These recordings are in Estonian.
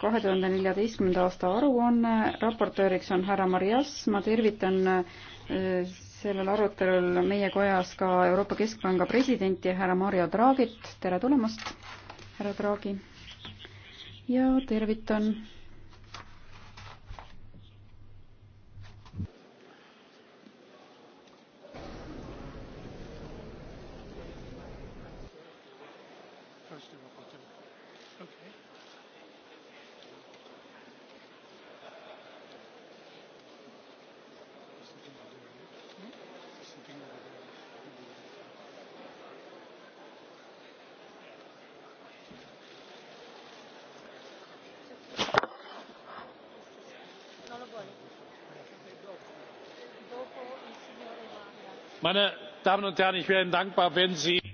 kahe tuhande neljateistkümnenda aasta aruanne, raportööriks on härra Marias, ma tervitan äh, sellel arutelul meie kojas ka Euroopa Keskpanga presidenti härra Mario Draghit, tere tulemast, härra Draghi! ja tervitan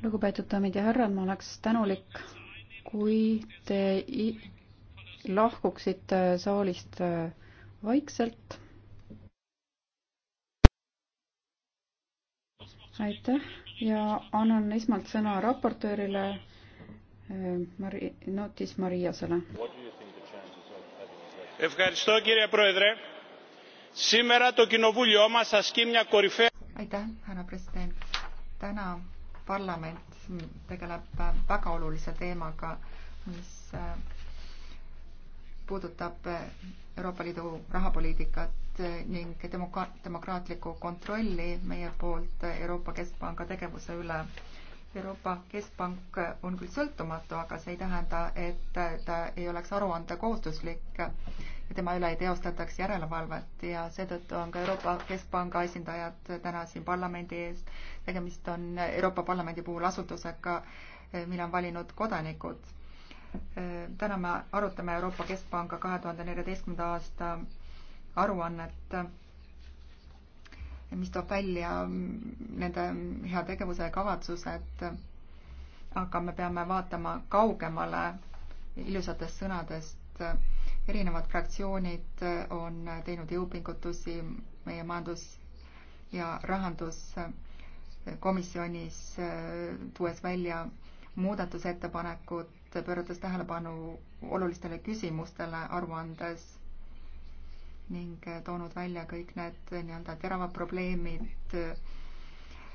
lugupeetud daamid ja härrad, ma oleks tänulik, kui te lahkuksite saalist äh, vaikselt. aitäh ja annan esmalt sõna raportöörile äh, Mari-, Notis Mariasele. Ευχαριστώ κύριε Πρόεδρε. Σήμερα το κοινοβούλιο μας ασκεί μια κορυφαία aitäh, härra president. täna parlament tegeleb väga olulise teemaga, mis äh, puudutab Euroopa Liidu rahapoliitikat ning demoka-, demokraatlikku kontrolli meie poolt Euroopa Keskpanga tegevuse üle. Euroopa Keskpank on küll sõltumatu, aga see ei tähenda, et ta ei oleks aruandekohustuslik tema üle ei teostataks järelevalvet ja seetõttu on ka Euroopa Keskpanga esindajad täna siin parlamendi ees. tegemist on Euroopa Parlamendi puhul asutusega, mille on valinud kodanikud. täna me arutame Euroopa Keskpanga kahe tuhande neljateistkümnenda aasta aruannet, mis toob välja nende heategevuse kavatsused, aga me peame vaatama kaugemale ilusatest sõnadest et äh, erinevad fraktsioonid äh, on teinud jõupingutusi meie majandus- ja rahanduskomisjonis, äh, tuues välja muudatusettepanekud, pöörates tähelepanu olulistele küsimustele aruandes ning toonud välja kõik need nii-öelda teravad probleemid.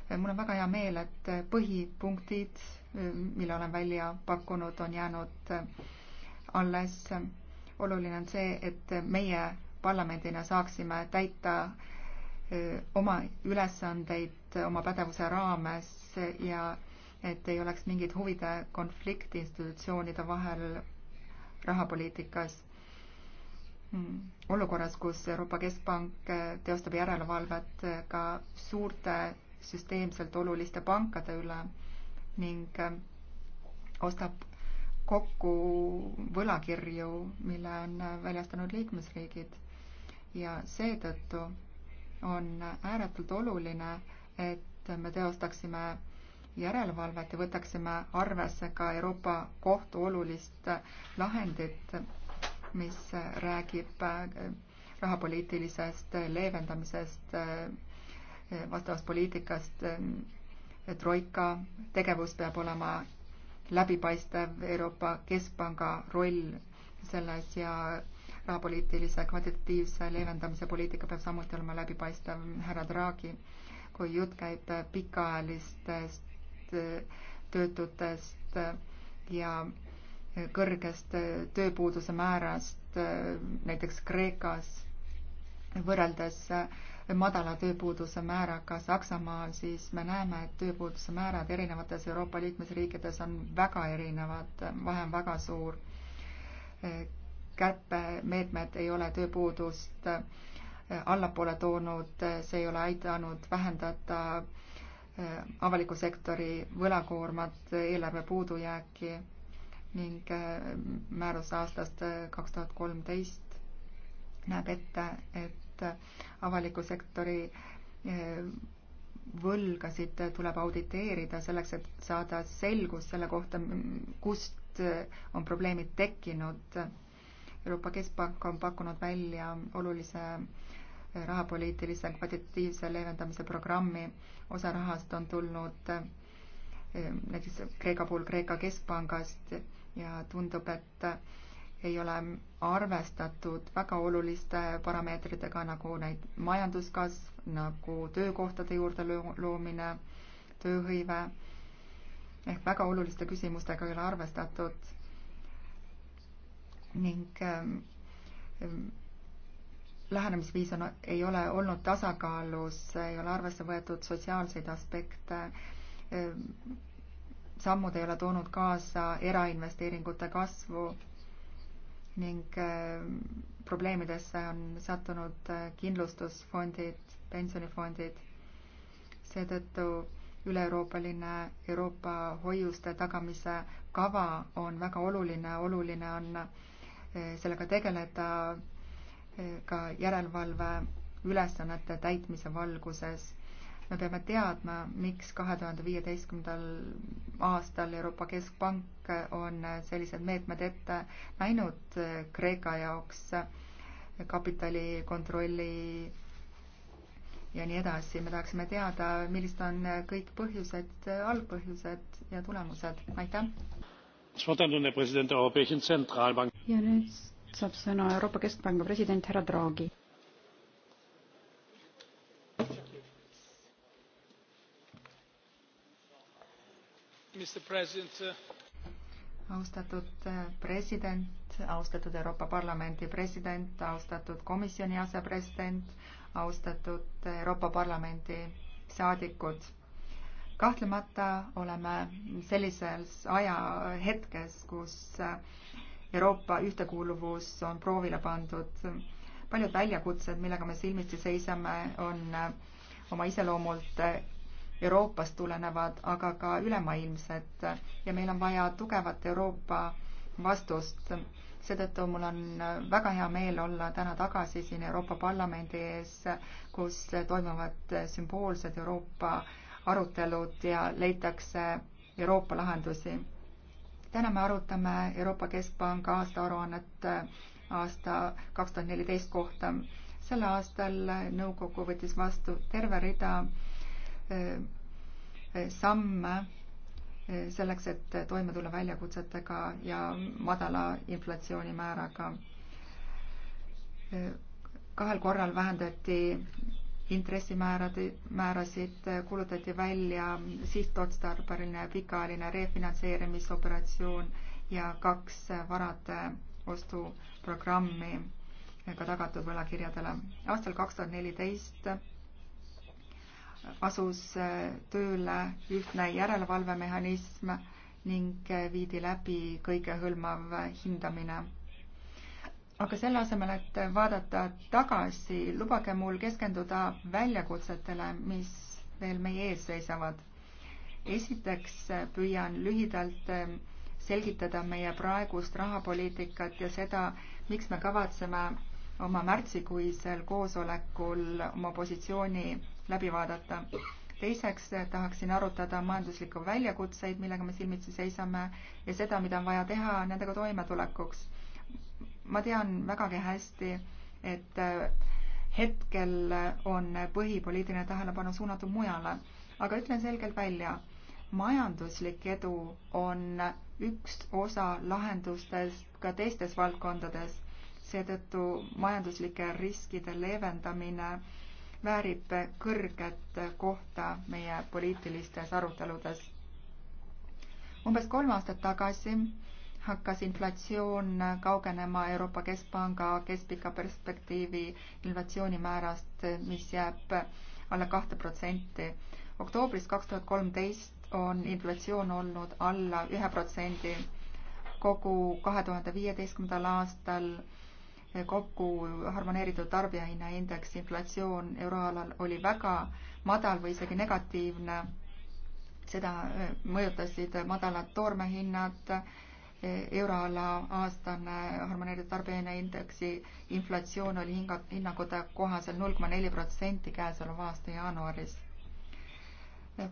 mul on väga hea meel, et põhipunktid, mille olen välja pakkunud, on jäänud alles. oluline on see, et meie parlamendina saaksime täita oma ülesandeid oma pädevuse raames ja et ei oleks mingit huvide konflikti institutsioonide vahel rahapoliitikas. olukorras, kus Euroopa Keskpank teostab järelevalvet ka suurte süsteemselt oluliste pankade üle ning ostab kokku võlakirju, mille on väljastanud liikmesriigid ja seetõttu on ääretult oluline, et me teostaksime järelevalvet ja võtaksime arvesse ka Euroopa Kohtu olulist lahendit, mis räägib äh, rahapoliitilisest leevendamisest, äh, vastavast poliitikast. Äh, troika tegevus peab olema läbipaistev Euroopa Keskpanga roll selles ja rahapoliitilise kvantitatiivse leevendamise poliitika peab samuti olema läbipaistev, härra Draghi, kui jutt käib pikaajalistest töötutest ja kõrgest tööpuuduse määrast näiteks Kreekas võrreldes madala tööpuuduse määraga Saksamaal, siis me näeme, et tööpuuduse määrad erinevates Euroopa liikmesriikides on väga erinevad, vahe on väga suur. kärpemeetmed ei ole tööpuudust eh, allapoole toonud, eh, see ei ole aidanud vähendada eh, avaliku sektori võlakoormat, eelarve puudujääki ning määrus aastast kaks tuhat kolmteist näeb ette, et et avaliku sektori eh, võlgasid tuleb auditeerida selleks, et saada selgus selle kohta, kust eh, on probleemid tekkinud. Euroopa Keskpank on pakkunud välja olulise eh, rahapoliitilise kvantitatiivse leevendamise programmi, osa rahast on tulnud näiteks Kreeka puhul Kreeka keskpangast ja tundub, et ei ole arvestatud väga oluliste parameetritega, nagu neid majanduskasv, nagu töökohtade juurde loomine, tööhõive, ehk väga oluliste küsimustega ei ole arvestatud ning ehm, ehm, lähenemisviis on, ei ole olnud tasakaalus, ei ole arvesse võetud sotsiaalseid aspekte, ehm, sammud ei ole toonud kaasa erainvesteeringute kasvu ning ähm, probleemidesse on sattunud äh, kindlustusfondid, pensionifondid. seetõttu üle-euroopaline Euroopa hoiuste tagamise kava on väga oluline, oluline on äh, sellega tegeleda äh, ka järelevalve ülesannete täitmise valguses me peame teadma, miks kahe tuhande viieteistkümnendal aastal Euroopa Keskpank on sellised meetmed ette näinud Kreeka jaoks, kapitalikontrolli ja nii edasi. me tahaksime teada, millised on kõik põhjused, algpõhjused ja tulemused. aitäh! ja nüüd saab sõna Euroopa Keskpanga president härra Draghi Uh, austatud uh, president, austatud Euroopa Parlamendi president, austatud komisjoni asepresident, austatud Euroopa Parlamendi saadikud kahtlemata oleme sellises ajahetkes, kus uh, Euroopa ühtekuuluvus on proovile pandud. paljud väljakutsed, millega me silmitsi seisame, on oma iseloomult Euroopast tulenevad, aga ka ülemaailmsed ja meil on vaja tugevat Euroopa vastust. seetõttu mul on väga hea meel olla täna tagasi siin Euroopa Parlamendi ees, kus toimuvad sümboolsed Euroopa arutelud ja leitakse Euroopa lahendusi. täna me arutame Euroopa Keskpanga aastaaruannet aasta kaks tuhat neliteist kohta. sel aastal nõukogu võttis vastu terve rida Äh, äh, samme äh, selleks, et toime tulla väljakutsetega ja madala inflatsioonimääraga. kahel korral vähendati intressimäärade, määrasid, kuulutati välja sihtotstarbeline pikaajaline refinantseerimisoperatsioon ja kaks varade ostuprogrammi ka tagatud võlakirjadele. aastal kaks tuhat neliteist asus äh, tööle ühtne järelevalvemehhanism ning äh, viidi läbi kõigehõlmav hindamine. aga selle asemel, et vaadata tagasi, lubage mul keskenduda väljakutsetele, mis veel meie ees seisavad. esiteks äh, püüan lühidalt selgitada meie praegust rahapoliitikat ja seda, miks me kavatseme oma märtsikuisel koosolekul oma positsiooni läbi vaadata. teiseks eh, tahaksin arutada majanduslikku väljakutseid, millega me silmitsi seisame ja seda, mida on vaja teha nendega toimetulekuks. ma tean vägagi hästi, et eh, hetkel on põhipoliitiline tähelepanu suunatud mujale, aga ütlen selgelt välja, majanduslik edu on üks osa lahendustest ka teistes valdkondades. seetõttu majanduslike riskide leevendamine väärib kõrget kohta meie poliitilistes aruteludes. umbes kolm aastat tagasi hakkas inflatsioon kaugenema Euroopa Keskpanga keskpika perspektiivi inflatsioonimäärast, mis jääb alla kahte protsenti. oktoobris kaks tuhat kolmteist on inflatsioon olnud alla ühe protsendi kogu kahe tuhande viieteistkümnendal aastal kokku harmoneeritud tarbijahinnaindeks, inflatsioon euroalal oli väga madal või isegi negatiivne. seda äh, mõjutasid madalad toormehinnad, e, euroala aastane harmoneeritud tarbijahinnaindeksi inflatsioon oli hinga, hinnangute kohaselt null koma neli protsenti käesoleva aasta jaanuaris.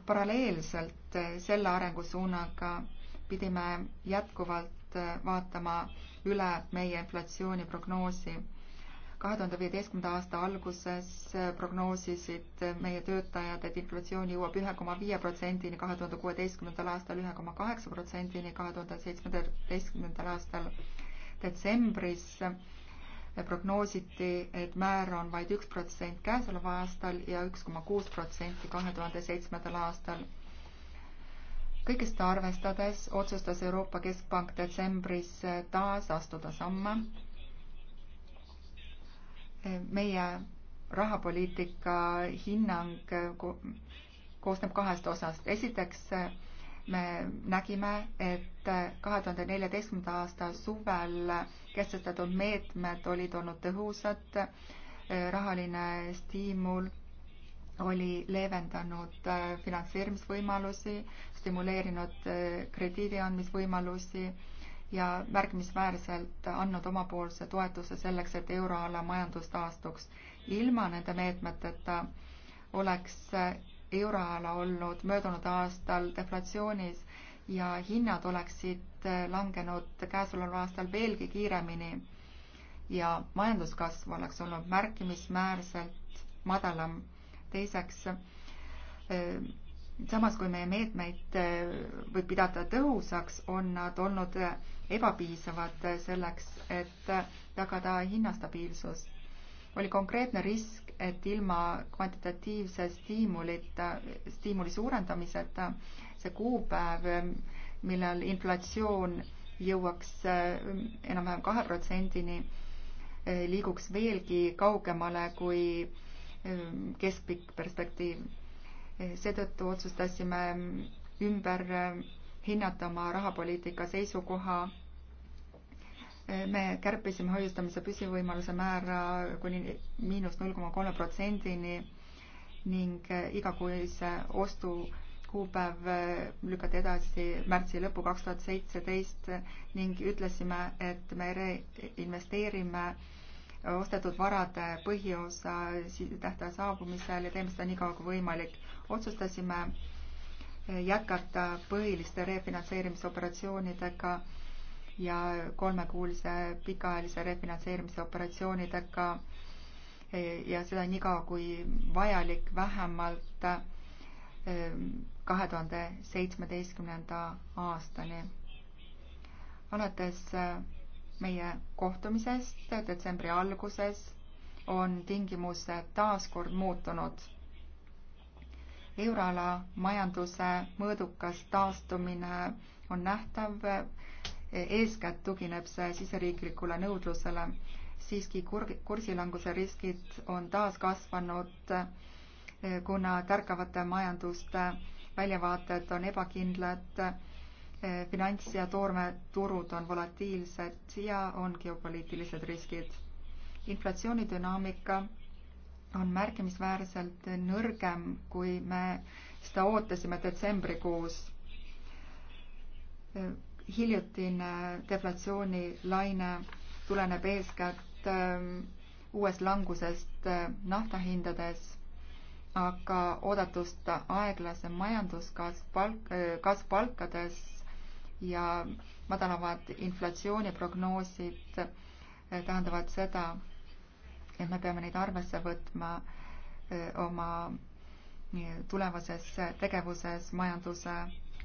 paralleelselt äh, selle arengusuunaga pidime jätkuvalt äh, vaatama üle meie inflatsiooniprognoosi. kahe tuhande viieteistkümnenda aasta alguses prognoosisid meie töötajad, et inflatsioon jõuab ühe koma viie protsendini kahe tuhande kuueteistkümnendal aastal, ühe koma kaheksa protsendini kahe tuhande seitsmeteistkümnendal aastal. detsembris prognoositi, et määr on vaid üks protsent käesoleval aastal ja üks koma kuus protsenti kahe tuhande seitsmendal aastal kõigest arvestades otsustas Euroopa Keskpank detsembris taas astuda samme meie rahapoliitika hinnang koosneb kahest osast. esiteks me nägime, et kahe tuhande neljateistkümnenda aasta suvel kehtestatud meetmed olid olnud tõhusad, rahaline stiimul oli leevendanud finantseerimisvõimalusi, stimuleerinud äh, krediidi andmisvõimalusi ja märkimisväärselt andnud omapoolse toetuse selleks, et euroala majandus taastuks. ilma nende meetmeteta oleks äh, euroala olnud möödunud aastal deflatsioonis ja hinnad oleksid äh, langenud käesoleval aastal veelgi kiiremini ja majanduskasv oleks olnud märkimisväärselt madalam. teiseks samas kui meie meetmeid eh, võib pidada tõhusaks, on nad olnud eh, ebapiisavad eh, selleks, et tagada hinnastabiilsus. oli konkreetne risk, et ilma kvantitatiivse stiimulita, stiimuli suurendamiseta see kuupäev, millal inflatsioon jõuaks enam-vähem kahe protsendini, liiguks veelgi kaugemale kui keskpikk perspektiiv seetõttu otsustasime ümber hinnata oma rahapoliitika seisukoha. me kärpisime hoiustamise püsivõimaluse määra kuni miinus null koma kolme protsendini ning igakuise ostu kuupäev lükati edasi märtsi lõppu kaks tuhat seitseteist ning ütlesime, et me reinvesteerime ostetud varade põhiosa tähtaja saabumisel ja teeme seda nii kaua kui võimalik. otsustasime jätkata põhiliste refinantseerimisoperatsioonidega ja kolmekuulise pikaajalise refinantseerimise operatsioonidega ja seda nii kaua kui vajalik vähemalt ehm, kahe tuhande seitsmeteistkümnenda aastani. alates meie kohtumisest detsembri alguses on tingimused taas kord muutunud. euroala majanduse mõõdukas taastumine on nähtav, eeskätt tugineb see siseriiklikule nõudlusele. siiski kur-, kursilanguse riskid on taas kasvanud, kuna tärkavate majanduste väljavaated on ebakindlad finants- ja toormeturud on volatiilsed ja on geopoliitilised riskid. inflatsioonidünaamika on märkimisväärselt nõrgem, kui me seda ootasime detsembrikuus. hiljutine deflatsioonilaine tuleneb eeskätt ähm, uuest langusest äh, naftahindades aga oodatust aeglasem majanduskasv palk, äh, kasv palkades ja madalamad inflatsiooniprognoosid eh, tähendavad seda, et me peame neid arvesse võtma eh, oma eh, tulevases tegevuses majanduse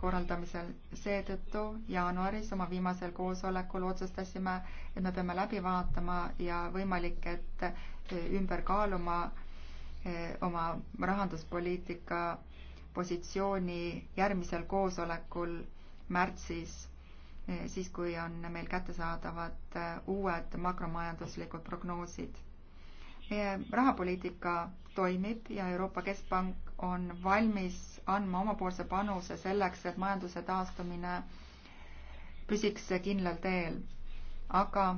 korraldamisel. seetõttu jaanuaris oma viimasel koosolekul otsustasime, et me peame läbi vaatama ja võimalik, et ümber kaaluma oma rahanduspoliitika positsiooni järgmisel koosolekul märtsis, eh, siis kui on meil kättesaadavad eh, uued makromajanduslikud prognoosid. meie rahapoliitika toimib ja Euroopa Keskpank on valmis andma omapoolse panuse selleks, et majanduse taastumine püsiks kindlal teel. aga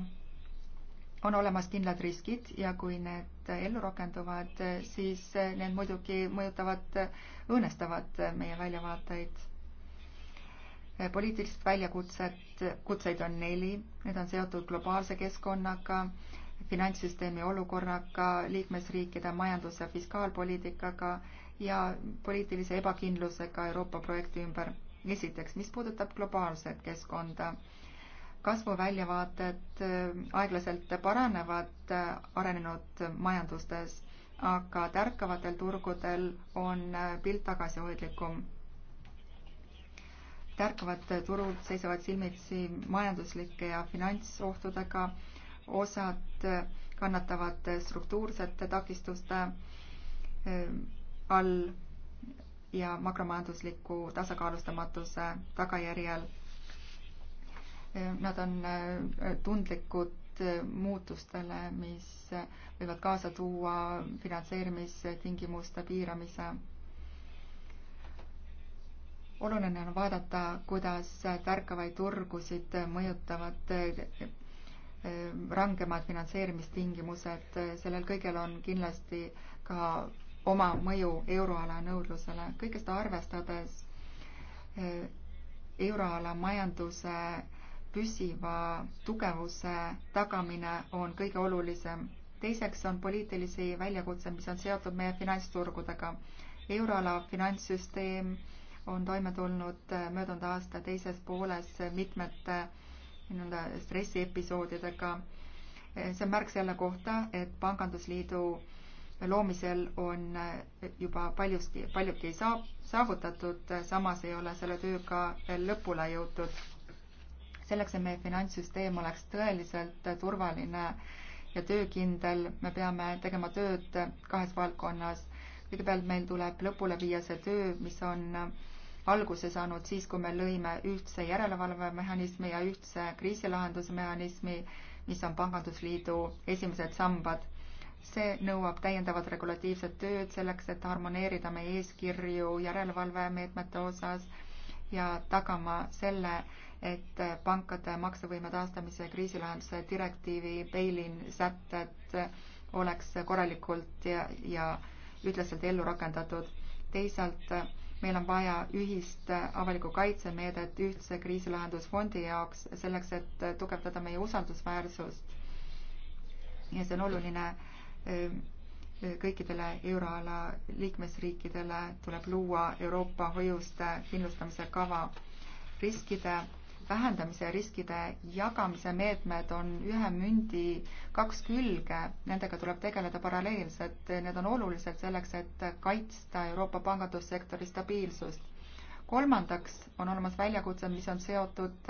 on olemas kindlad riskid ja kui need ellu rakenduvad, siis need muidugi mõjutavad, õõnestavad meie väljavaateid. Eh, poliitilised väljakutsed, kutseid on neli, need on seotud globaalse keskkonnaga, finantssüsteemi olukorraga, liikmesriikide majandus- ja fiskaalpoliitikaga ja poliitilise ebakindlusega Euroopa projekti ümber. esiteks, mis puudutab globaalset keskkonda, kasvuväljavaated eh, aeglaselt paranevad eh, arenenud majandustes, aga tärkavatel turgudel on pilt tagasihoidlikum tärkavad turud seisavad silmitsi majanduslike ja finantsohtudega, osad kannatavad struktuursete takistuste ähm, all ja makromajandusliku tasakaalustamatuse tagajärjel. Ähm, nad on äh, tundlikud äh, muutustele, mis võivad kaasa tuua finantseerimistingimuste piiramise oluline on vaadata, kuidas tärkavaid turgusid mõjutavad eh, rangemad finantseerimistingimused, sellel kõigel on kindlasti ka oma mõju euroala nõudlusele. kõike seda arvestades eh, euroala majanduse püsiva tugevuse tagamine on kõige olulisem. teiseks on poliitilisi väljakutseid, mis on seotud meie finantsturgudega. euroala finantssüsteem on toime tulnud äh, möödunud aasta teises pooles mitmete äh, nii-öelda stressiepisoodidega. Äh, see on märk selle kohta, et pangandusliidu loomisel on juba paljuski, paljugi saab, saavutatud, samas ei ole selle tööga veel lõpule jõutud. selleks, et meie finantssüsteem oleks tõeliselt turvaline ja töökindel, me peame tegema tööd kahes valdkonnas. kõigepealt meil tuleb lõpule viia see töö, mis on alguse saanud siis, kui me lõime ühtse järelevalvemehhanismi ja ühtse kriisilahendusmehhanismi, mis on Pangandusliidu esimesed sambad. see nõuab täiendavat regulatiivset tööd selleks, et harmoneerida meie eeskirju järelevalvemeetmete osas ja tagama selle, et pankade maksevõime taastamise kriisilahenduse direktiivi bail-in sätted oleks korralikult ja, ja ühtlaselt ellu rakendatud. teisalt meil on vaja ühist äh, avaliku kaitse meedet ühtse kriisilahendusfondi jaoks, selleks et äh, tugevdada meie usaldusväärsust. ja see on oluline ähm, äh, kõikidele euroala liikmesriikidele tuleb luua Euroopa hoiuste kindlustamise kava. riskide vähendamise ja riskide jagamise meetmed on ühe mündi kaks külge, nendega tuleb tegeleda paralleelselt, need on olulised selleks, et kaitsta Euroopa pangandussektori stabiilsust. kolmandaks on olemas väljakutsed, mis on seotud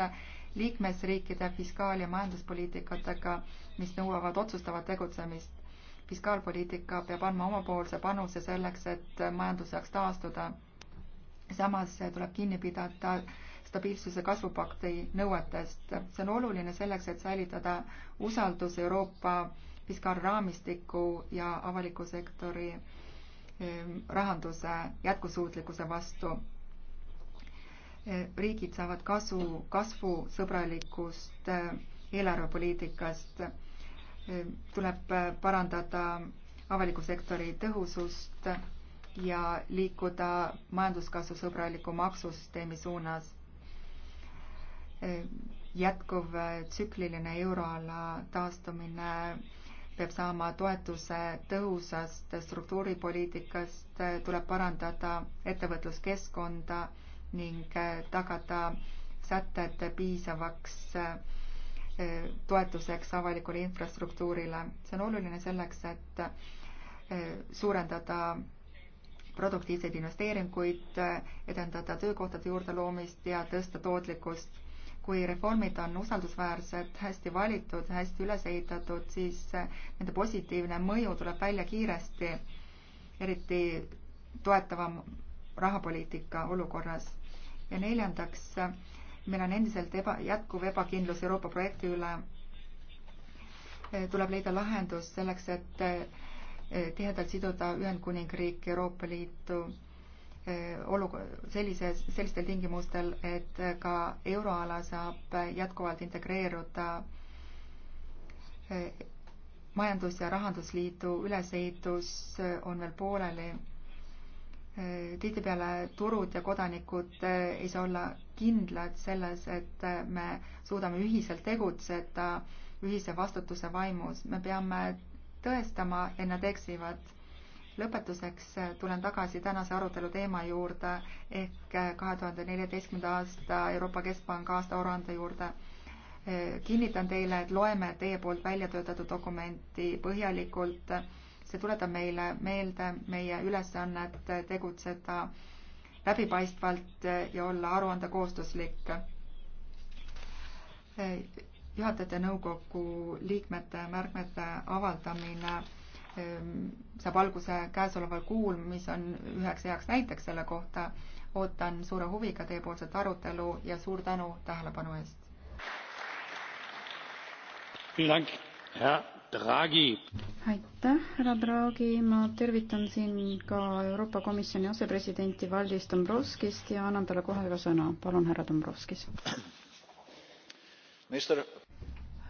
liikmesriikide fiskaal- ja majanduspoliitikatega, mis nõuavad otsustavat tegutsemist. fiskaalpoliitika peab andma omapoolse panuse selleks, et majandus saaks taastuda. samas tuleb kinni pidada stabiilsuse kasvupakti nõuetest. see on oluline selleks, et säilitada usaldus Euroopa fiskaalraamistiku ja avaliku sektori ehm, rahanduse jätkusuutlikkuse vastu. E, riigid saavad kasu kasvusõbralikust e, eelarvepoliitikast. E, tuleb parandada avaliku sektori tõhusust ja liikuda majanduskasvu sõbraliku maksusüsteemi suunas jätkuv tsükliline euroala taastumine peab saama toetuse tõhusast struktuuripoliitikast, tuleb parandada ettevõtluskeskkonda ning tagada sätted piisavaks eh, toetuseks avalikule infrastruktuurile. see on oluline selleks, et eh, suurendada produktiivseid investeeringuid, edendada töökohtade juurde loomist ja tõsta tootlikkust kui reformid on usaldusväärsed, hästi valitud, hästi üles ehitatud, siis nende positiivne mõju tuleb välja kiiresti, eriti toetava rahapoliitika olukorras. ja neljandaks, meil on endiselt eba, jätkuv ebakindlus Euroopa projekti üle. tuleb leida lahendus selleks, et eh, tihedalt siduda Ühendkuningriik Euroopa Liitu Äh, olukord, sellises, sellistel tingimustel, et ka euroala saab jätkuvalt integreeruda äh, majandus- ja rahandusliidu ülesehitus äh, on veel pooleli. tihtipeale turud ja kodanikud ei saa olla kindlad selles, et me suudame ühiselt tegutseda ühise vastutuse vaimus. me peame tõestama, et nad eksivad lõpetuseks äh, tulen tagasi tänase arutelu teema juurde ehk äh, kahe tuhande neljateistkümnenda aasta Euroopa Keskpanga aastaaruande juurde. Äh, kinnitan teile, et loeme teie poolt välja töötatud dokumenti põhjalikult. see tuletab meile meelde meie ülesannet tegutseda läbipaistvalt ja olla aruande koostuslik juhatajate nõukogu liikmete märkmete avaldamine Ehm, saab alguse käesoleval kuul, mis on üheks heaks näiteks selle kohta. ootan suure huviga teiepoolset arutelu ja suur tänu tähelepanu eest. aitäh, härra Draghi, ma tervitan siin ka Euroopa Komisjoni asepresidenti Valdis Dombrovskist ja annan talle kohe ka sõna. palun, härra Dombrovskis.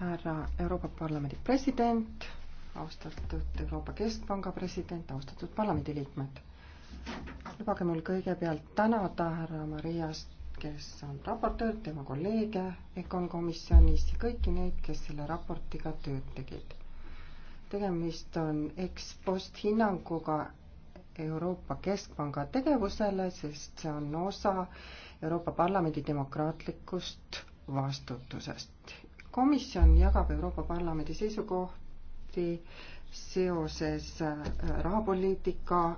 härra Euroopa Parlamendi president austatud Euroopa Keskpanga president, austatud parlamendiliikmed. lubage mul kõigepealt tänada härra Marias, kes on raportöör, tema kolleege EKOn komisjonis ja kõiki neid, kes selle raportiga tööd tegid. tegemist on ekspost hinnanguga Euroopa Keskpanga tegevusele, sest see on osa Euroopa Parlamendi demokraatlikust vastutusest. komisjon jagab Euroopa Parlamendi seisukohta, eriti seoses äh, rahapoliitika äh,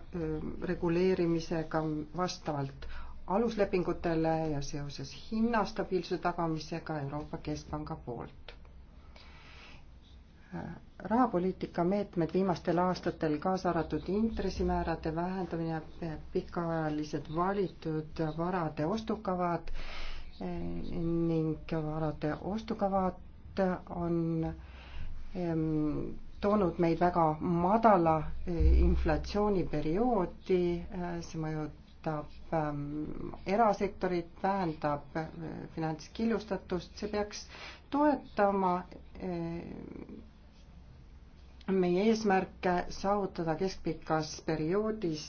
reguleerimisega vastavalt aluslepingutele ja seoses hinnastabiilsuse tagamisega Euroopa Keskpanga poolt äh, rahapoliitika meetmed viimastel aastatel, kaasa arvatud intressimäärade vähendamine, pikaajalised valitud varade ostukavad ning varade ostukavad on ähm, toonud meid väga madala eh, inflatsiooniperioodi, eh, see mõjutab ehm, erasektorit, vähendab eh, finantskillustatust, see peaks toetama meie eesmärke saavutada keskpikas perioodis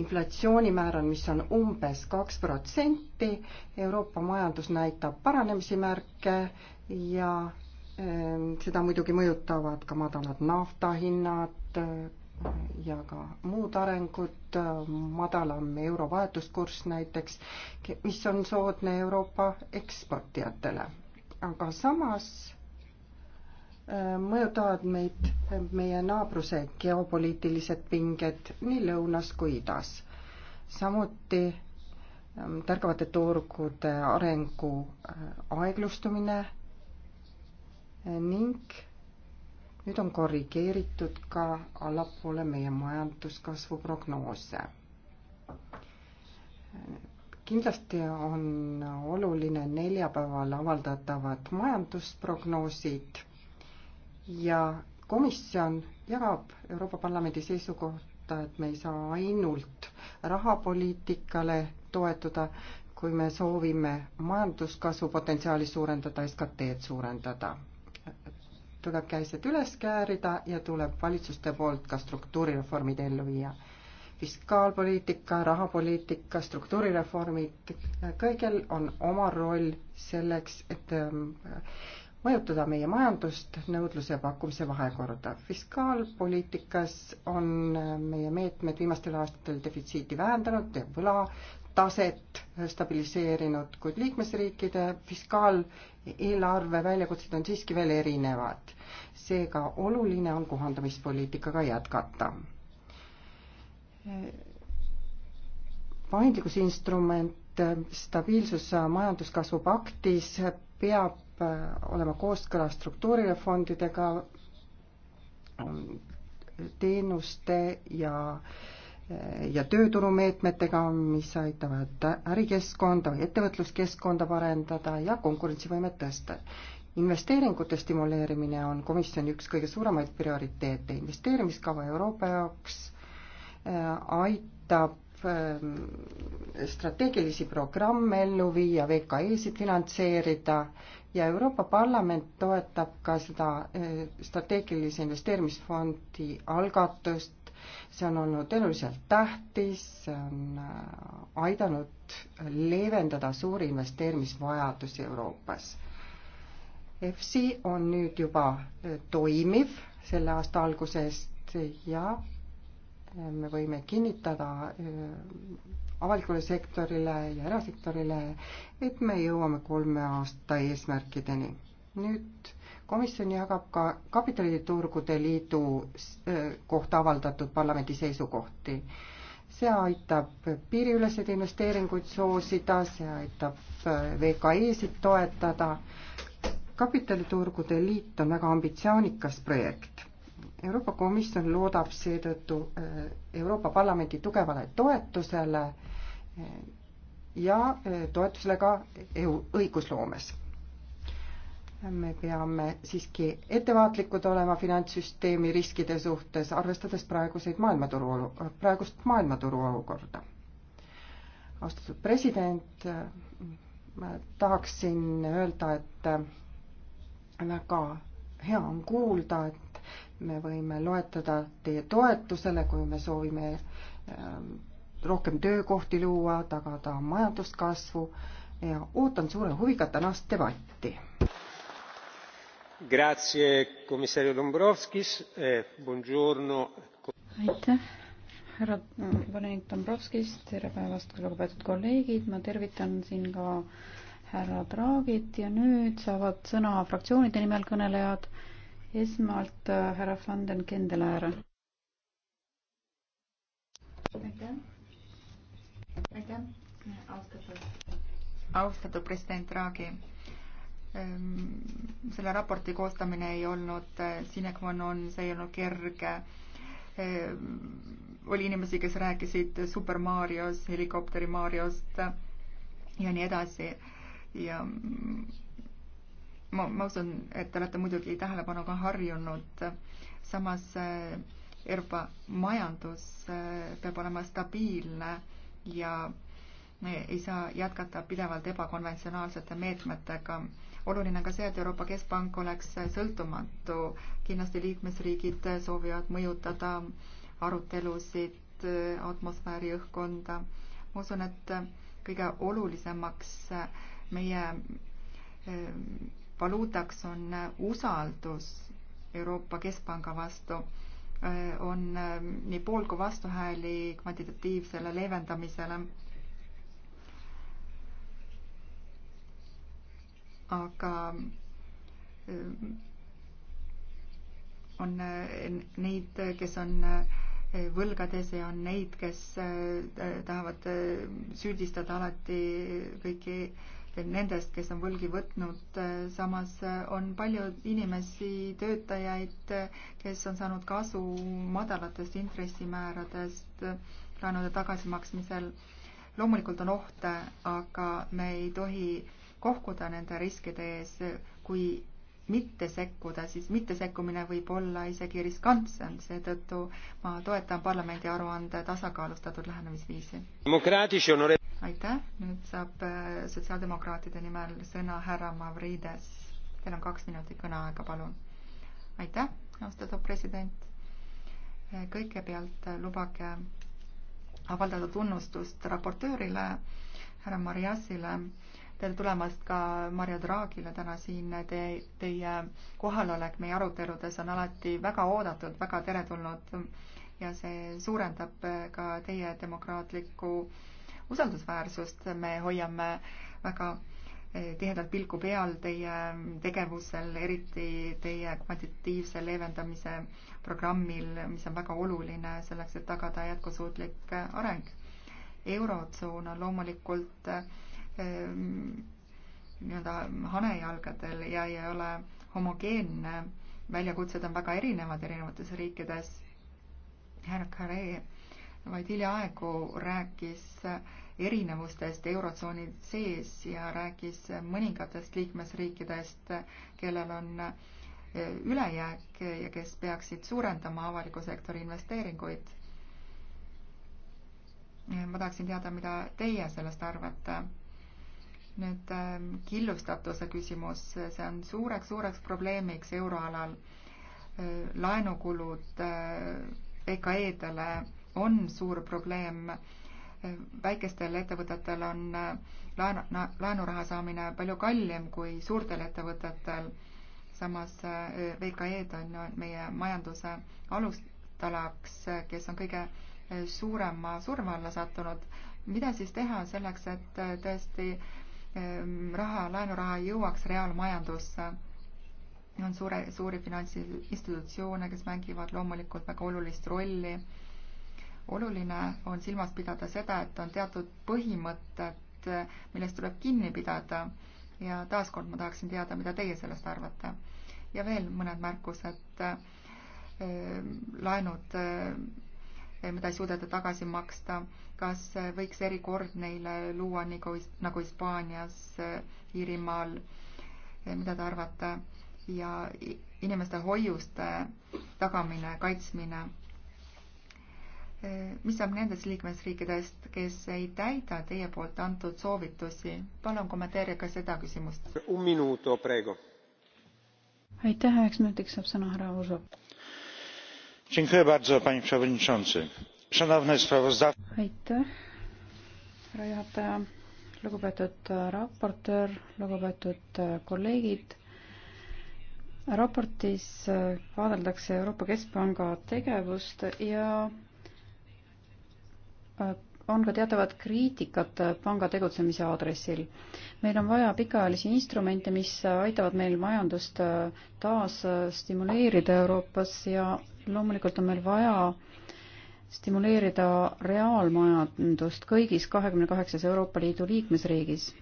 inflatsioonimäär on, mis on umbes kaks protsenti, Euroopa majandus näitab paranemise märke ja Ehm, seda muidugi mõjutavad ka madalad naftahinnad eh, ja ka muud arengud, eh, madalam euro vahetuskurss näiteks, mis on soodne Euroopa eksportijatele. aga samas eh, mõjutavad meid meie naabruse geopoliitilised pinged nii lõunas kui idas. samuti tärkavate turgude arengu aeglustumine ning nüüd on korrigeeritud ka allapoole meie majanduskasvu prognoose. kindlasti on oluline neljapäeval avaldatavad majandusprognoosid ja komisjon jagab Euroopa Parlamendi seisukohta, et me ei saa ainult rahapoliitikale toetuda, kui me soovime majanduskasvu potentsiaali suurendada, SKT-d suurendada tuleb käised üles käärida ja tuleb valitsuste poolt ka struktuurireformid ellu viia. fiskaalpoliitika, rahapoliitika, struktuurireformid, kõigil on oma roll selleks, et ähm, mõjutada meie majandust nõudluse ja pakkumise vahekorda. fiskaalpoliitikas on äh, meie meetmed viimastel aastatel defitsiiti vähendanud ja võla taset stabiliseerinud, kuid liikmesriikide fiskaaleelarve väljakutsed on siiski veel erinevad. seega oluline on kohandamispoliitikaga jätkata. paindlikkusinstrument stabiilsuse majanduskasvu paktis peab olema kooskõlas struktuurifondidega, teenuste ja äh, ja tööturumeetmetega, mis aitavad ärikeskkonda või ettevõtluskeskkonda parendada ja konkurentsivõimet tõsta. investeeringute stimuleerimine on komisjoni üks kõige suuremaid prioriteete, investeerimiskava Euroopa jaoks äh, aitab ähm, strateegilisi programme ellu viia, VKE-sid finantseerida ja Euroopa Parlament toetab ka seda äh, strateegilise investeerimisfondi algatust, see on olnud eluliselt tähtis, see on äh, aidanud leevendada suuri investeerimisvajadusi Euroopas. EFSI on nüüd juba äh, toimiv selle aasta algusest ja äh, me võime kinnitada avalikule sektorile ja erasektorile, et me jõuame kolme aasta eesmärkideni. nüüd komisjon jagab ka Kapitaliturgude Liidu äh, kohta avaldatud parlamendi seisukohti. see aitab piiriüleseid investeeringuid soosida, see aitab äh, VKE-sid toetada. kapitaliturgude liit on väga ambitsioonikas projekt. Euroopa Komisjon loodab seetõttu äh, Euroopa Parlamendi tugevale toetusele ja toetusele ka õigusloomes me peame siiski ettevaatlikud olema finantssüsteemi riskide suhtes, arvestades praeguseid maailmaturu, praegust maailmaturu olukorda. austatud president, ma tahaksin öelda, et väga hea on kuulda, et me võime loetada teie toetusele, kui me soovime ähm, rohkem töökohti luua, tagada majanduskasvu ja ootan suure huviga tänast debatti. Eh, aitäh härra volinik Dombrovskis, tere päevast, lugupeetud kolleegid, ma tervitan siin ka härra Draagit ja nüüd saavad sõna fraktsioonide nimel kõnelejad. esmalt äh, härra Van den Kendelaere. aitäh, aitäh, austatud, austatud president Draagi Ehm, selle raporti koostamine ei olnud eh, sine qua non, see ei olnud kerge. Ehm, oli inimesi, kes rääkisid Super Mariost, helikopteri Mariost eh, ja nii edasi ja mm, ma, ma usun, et te olete muidugi tähelepanuga harjunud. samas eh, Euroopa majandus peab olema stabiilne ja ei saa jätkata pidevalt ebakonventsionaalsete meetmetega oluline on ka see, et Euroopa Keskpank oleks sõltumatu. kindlasti liikmesriigid soovivad mõjutada arutelusid, atmosfääri, õhkkonda. ma usun, et kõige olulisemaks meie eh, valuutaks on usaldus Euroopa Keskpanga vastu eh, on eh, nii poolt kui vastuhääli kvantitatiivsele leevendamisele aga äh, on äh, neid, kes on äh, võlgades ja on neid, kes tahavad süüdistada alati kõiki nendest, kes on võlgi võtnud. samas on palju inimesi, töötajaid, kes on saanud kasu madalatest intressimääradest laenude tagasimaksmisel. loomulikult on ohte, aga me ei tohi kohkuda nende riskide ees, kui mitte sekkuda, siis mittesekkumine võib olla isegi riskantsem, seetõttu ma toetan parlamendi aruande tasakaalustatud lähenemisviisi. aitäh, nüüd saab äh, sotsiaaldemokraatide nimel sõna härra Mavrides. Teil on kaks minutit kõneaega, palun. aitäh, austatud president. Äh, kõigepealt lubage avaldada tunnustust raportöörile, härra Mariasile tere tulemast ka Marja Draagile täna siin. Te, teie kohalolek meie aruteludes on alati väga oodatud, väga teretulnud ja see suurendab ka teie demokraatlikku usaldusväärsust. me hoiame väga eh, tihedalt pilku peal teie tegevusel, eriti teie kvantitatiivse leevendamise programmil, mis on väga oluline selleks, et tagada jätkusuutlik areng. eurotsoon on loomulikult äh, Ehm, nii-öelda hanejalgadel ja ei ole homogeenne. väljakutsed on väga erinevad erinevates riikides. härra Carre vaid hiljaaegu rääkis erinevustest eurotsooni sees ja rääkis mõningatest liikmesriikidest, kellel on eh, ülejääk ja kes peaksid suurendama avaliku sektori investeeringuid. ma tahaksin teada, mida teie sellest arvate nüüd ähm, killustatuse küsimus, see on suureks-suureks probleemiks euroalal. Äh, laenukulud äh, VKE-dele on suur probleem. Äh, väikestel ettevõtetel on laenu, laenuraha saamine palju kallim kui suurtel ettevõtetel. samas VKE-d on meie majanduse alustalaks, kes on kõige suurema surve alla sattunud. mida siis teha selleks, et tõesti Ehm, raha, laenuraha jõuaks reaalmajandusse. on suure, suuri finantsinstitutsioone, kes mängivad loomulikult väga olulist rolli. oluline on silmas pidada seda, et on teatud põhimõtted, millest tuleb kinni pidada ja taaskord ma tahaksin teada, mida teie sellest arvate. ja veel mõned märkused. Ehm, laenud ehm, Eh, mida ei suudeta tagasi maksta. kas eh, võiks erikord neile luua nagu, nagu Hispaanias, eh, Iirimaal? mida te arvate? ja inimeste hoiuste tagamine, kaitsmine. mis saab nendest liikmesriikidest, kes ei täida teie poolt antud soovitusi? palun kommenteerige seda küsimust. aitäh, üheks minutiks saab sõna härra Urvo aitäh, härra juhataja, lugupeetud äh, raportöör, lugupeetud äh, kolleegid. raportis äh, vaadeldakse Euroopa Keskpanga tegevust ja on ka teatavat kriitikat panga tegutsemise aadressil. meil on vaja pikaajalisi instrumente, mis aitavad meil majandust äh, taas äh, stimuleerida Euroopas ja loomulikult on meil vaja stimuleerida reaalmajandust kõigis kahekümne kaheksas Euroopa Liidu liikmesriigis.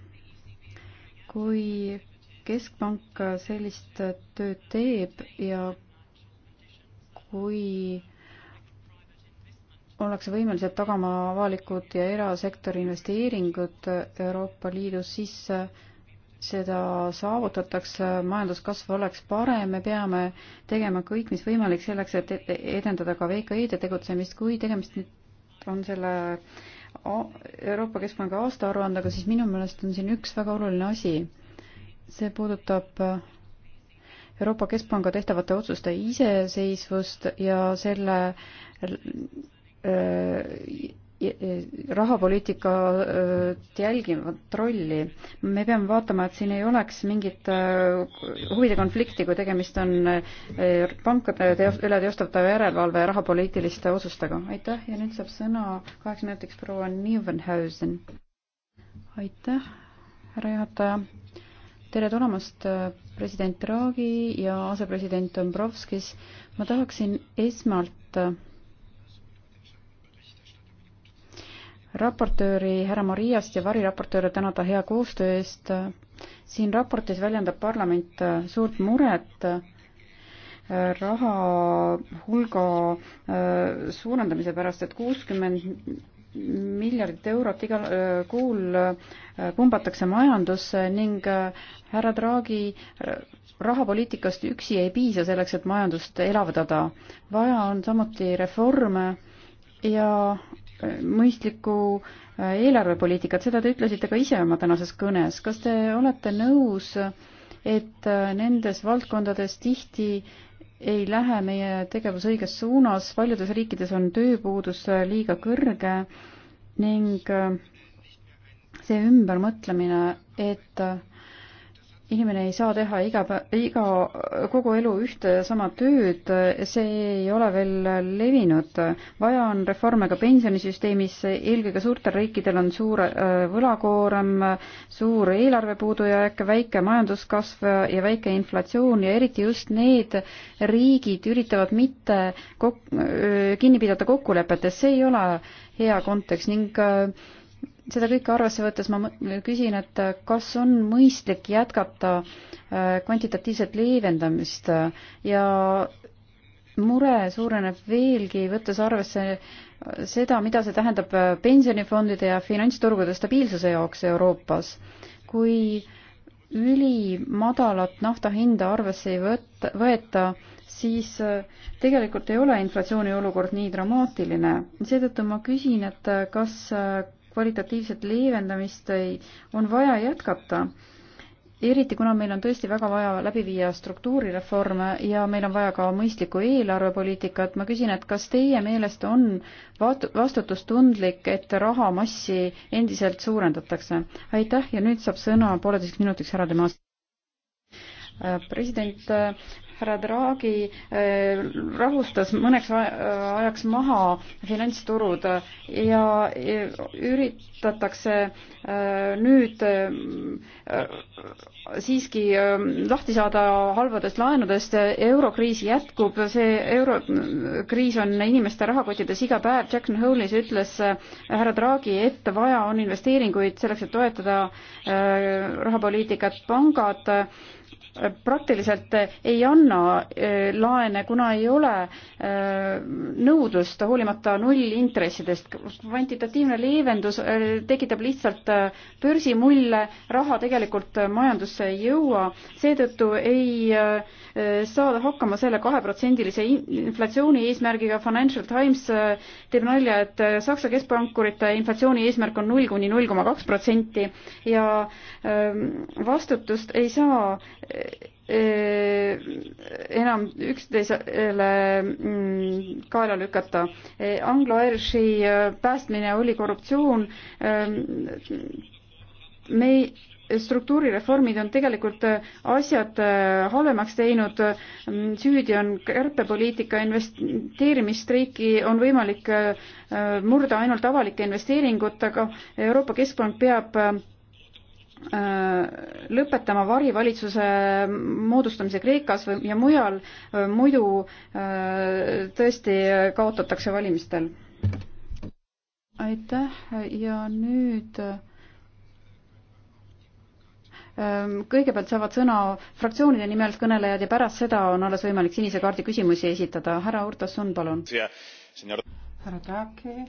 kui keskpank sellist tööd teeb ja kui ollakse võimelised tagama avalikud ja erasektori investeeringud Euroopa Liidus, siis seda saavutatakse, majanduskasv oleks parem, me peame tegema kõik, mis võimalik selleks, et e-, edendada ka VKI-de tegutsemist, kui tegemist nüüd on selle Euroopa Keskpanga aastaaruandega, siis minu meelest on siin üks väga oluline asi. see puudutab Euroopa Keskpanga tehtavate otsuste iseseisvust ja selle Äh, äh, rahapoliitikat äh, jälgivat rolli. me peame vaatama, et siin ei oleks mingit huvide konflikti, kui tegemist on pankade teost, üle teostatava järelevalve rahapoliitiliste otsustega. aitäh ja nüüd saab sõna kaheks minutiks proua Nivenhausen. aitäh, härra juhataja. tere tulemast, president Draghi ja asepresident Dombrovskis. ma tahaksin esmalt raportööri härra Mariast ja variraportööre tänada hea koostöö eest. siin raportis väljendab parlament äh, suurt muret äh, raha hulga äh, suurendamise pärast, et kuuskümmend miljardit eurot igal kuul pumbatakse majandusse ning härra Draghi rahapoliitikast üksi ei piisa selleks, et majandust elavdada. vaja on samuti reforme ja mõistlikku äh, eelarvepoliitikat, seda te ütlesite ka ise oma tänases kõnes. kas te olete nõus, et äh, nendes valdkondades tihti ei lähe meie tegevus õiges suunas, paljudes riikides on tööpuudus äh, liiga kõrge ning see ümbermõtlemine, et inimene ei saa teha iga päev, iga, kogu elu ühte ja sama tööd, see ei ole veel levinud. vaja on reforme ka pensionisüsteemis, eelkõige suurtel riikidel on suur äh, võlakoorem, suur eelarve puudujääk, väike majanduskasv ja väike inflatsioon ja eriti just need riigid üritavad mitte kok-, äh, kinni pidada kokkulepetest, see ei ole hea kontekst ning äh, seda kõike arvesse võttes ma küsin, et kas on mõistlik jätkata äh, kvantitatiivset leevendamist äh, ja mure suureneb veelgi, võttes arvesse äh, seda, mida see tähendab pensionifondide ja finantsturgude stabiilsuse jaoks Euroopas. kui ülimadalat nafta hinda arvesse ei võta, võeta, siis tegelikult ei ole inflatsiooni olukord nii dramaatiline. seetõttu ma küsin, et kas kvalitatiivset leevendamist on vaja jätkata eriti kuna meil on tõesti väga vaja läbi viia struktuurireforme ja meil on vaja ka mõistlikku eelarvepoliitikat, ma küsin, et kas teie meelest on vastutustundlik, et rahamassi endiselt suurendatakse? aitäh ja nüüd saab sõna pooleteiseks minutiks härra Demas- president äh, härra Draghi äh, rahustas mõneks ajaks maha finantsturud ja üritatakse äh, nüüd siiski lahti saada halbadest laenudest. eurokriis jätkub, see eurokriis on inimeste rahakottides iga päev. Jackson Howlis ütles härra Draghi, et vaja on investeeringuid selleks, et toetada rahapoliitikat. pangad praktiliselt ei anna eh, laene, kuna ei ole eh, nõudlust, hoolimata nullintressidest. kvantitatiivne leevendus eh, tekitab lihtsalt börsimulle, raha tegelikult majandusse ei jõua, seetõttu ei saada hakkama selle kaheprotsendilise inflatsiooni eesmärgiga. Financial Times teeb nalja, et Saksa keskpankurite inflatsiooni eesmärk on null kuni null koma kaks protsenti ja vastutust ei saa enam üksteisele mm, kaela lükata. Anglo-Irši äh, päästmine oli korruptsioon. Ähm, me struktuurireformid on tegelikult äh, asjad äh, halvemaks teinud, mm, süüdi on kärpepoliitika, investeerimisstreiki on võimalik murda ainult avalike investeeringutega, Euroopa Keskpank peab Äh, lõpetama varivalitsuse moodustamise Kreekas ja mujal, äh, muidu äh, tõesti kaotatakse valimistel. aitäh ja nüüd kõigepealt saavad sõna fraktsioonide nimel kõnelejad ja pärast seda on alles võimalik sinise kaardi küsimusi esitada. härra Urtasson, palun. härra Draghi,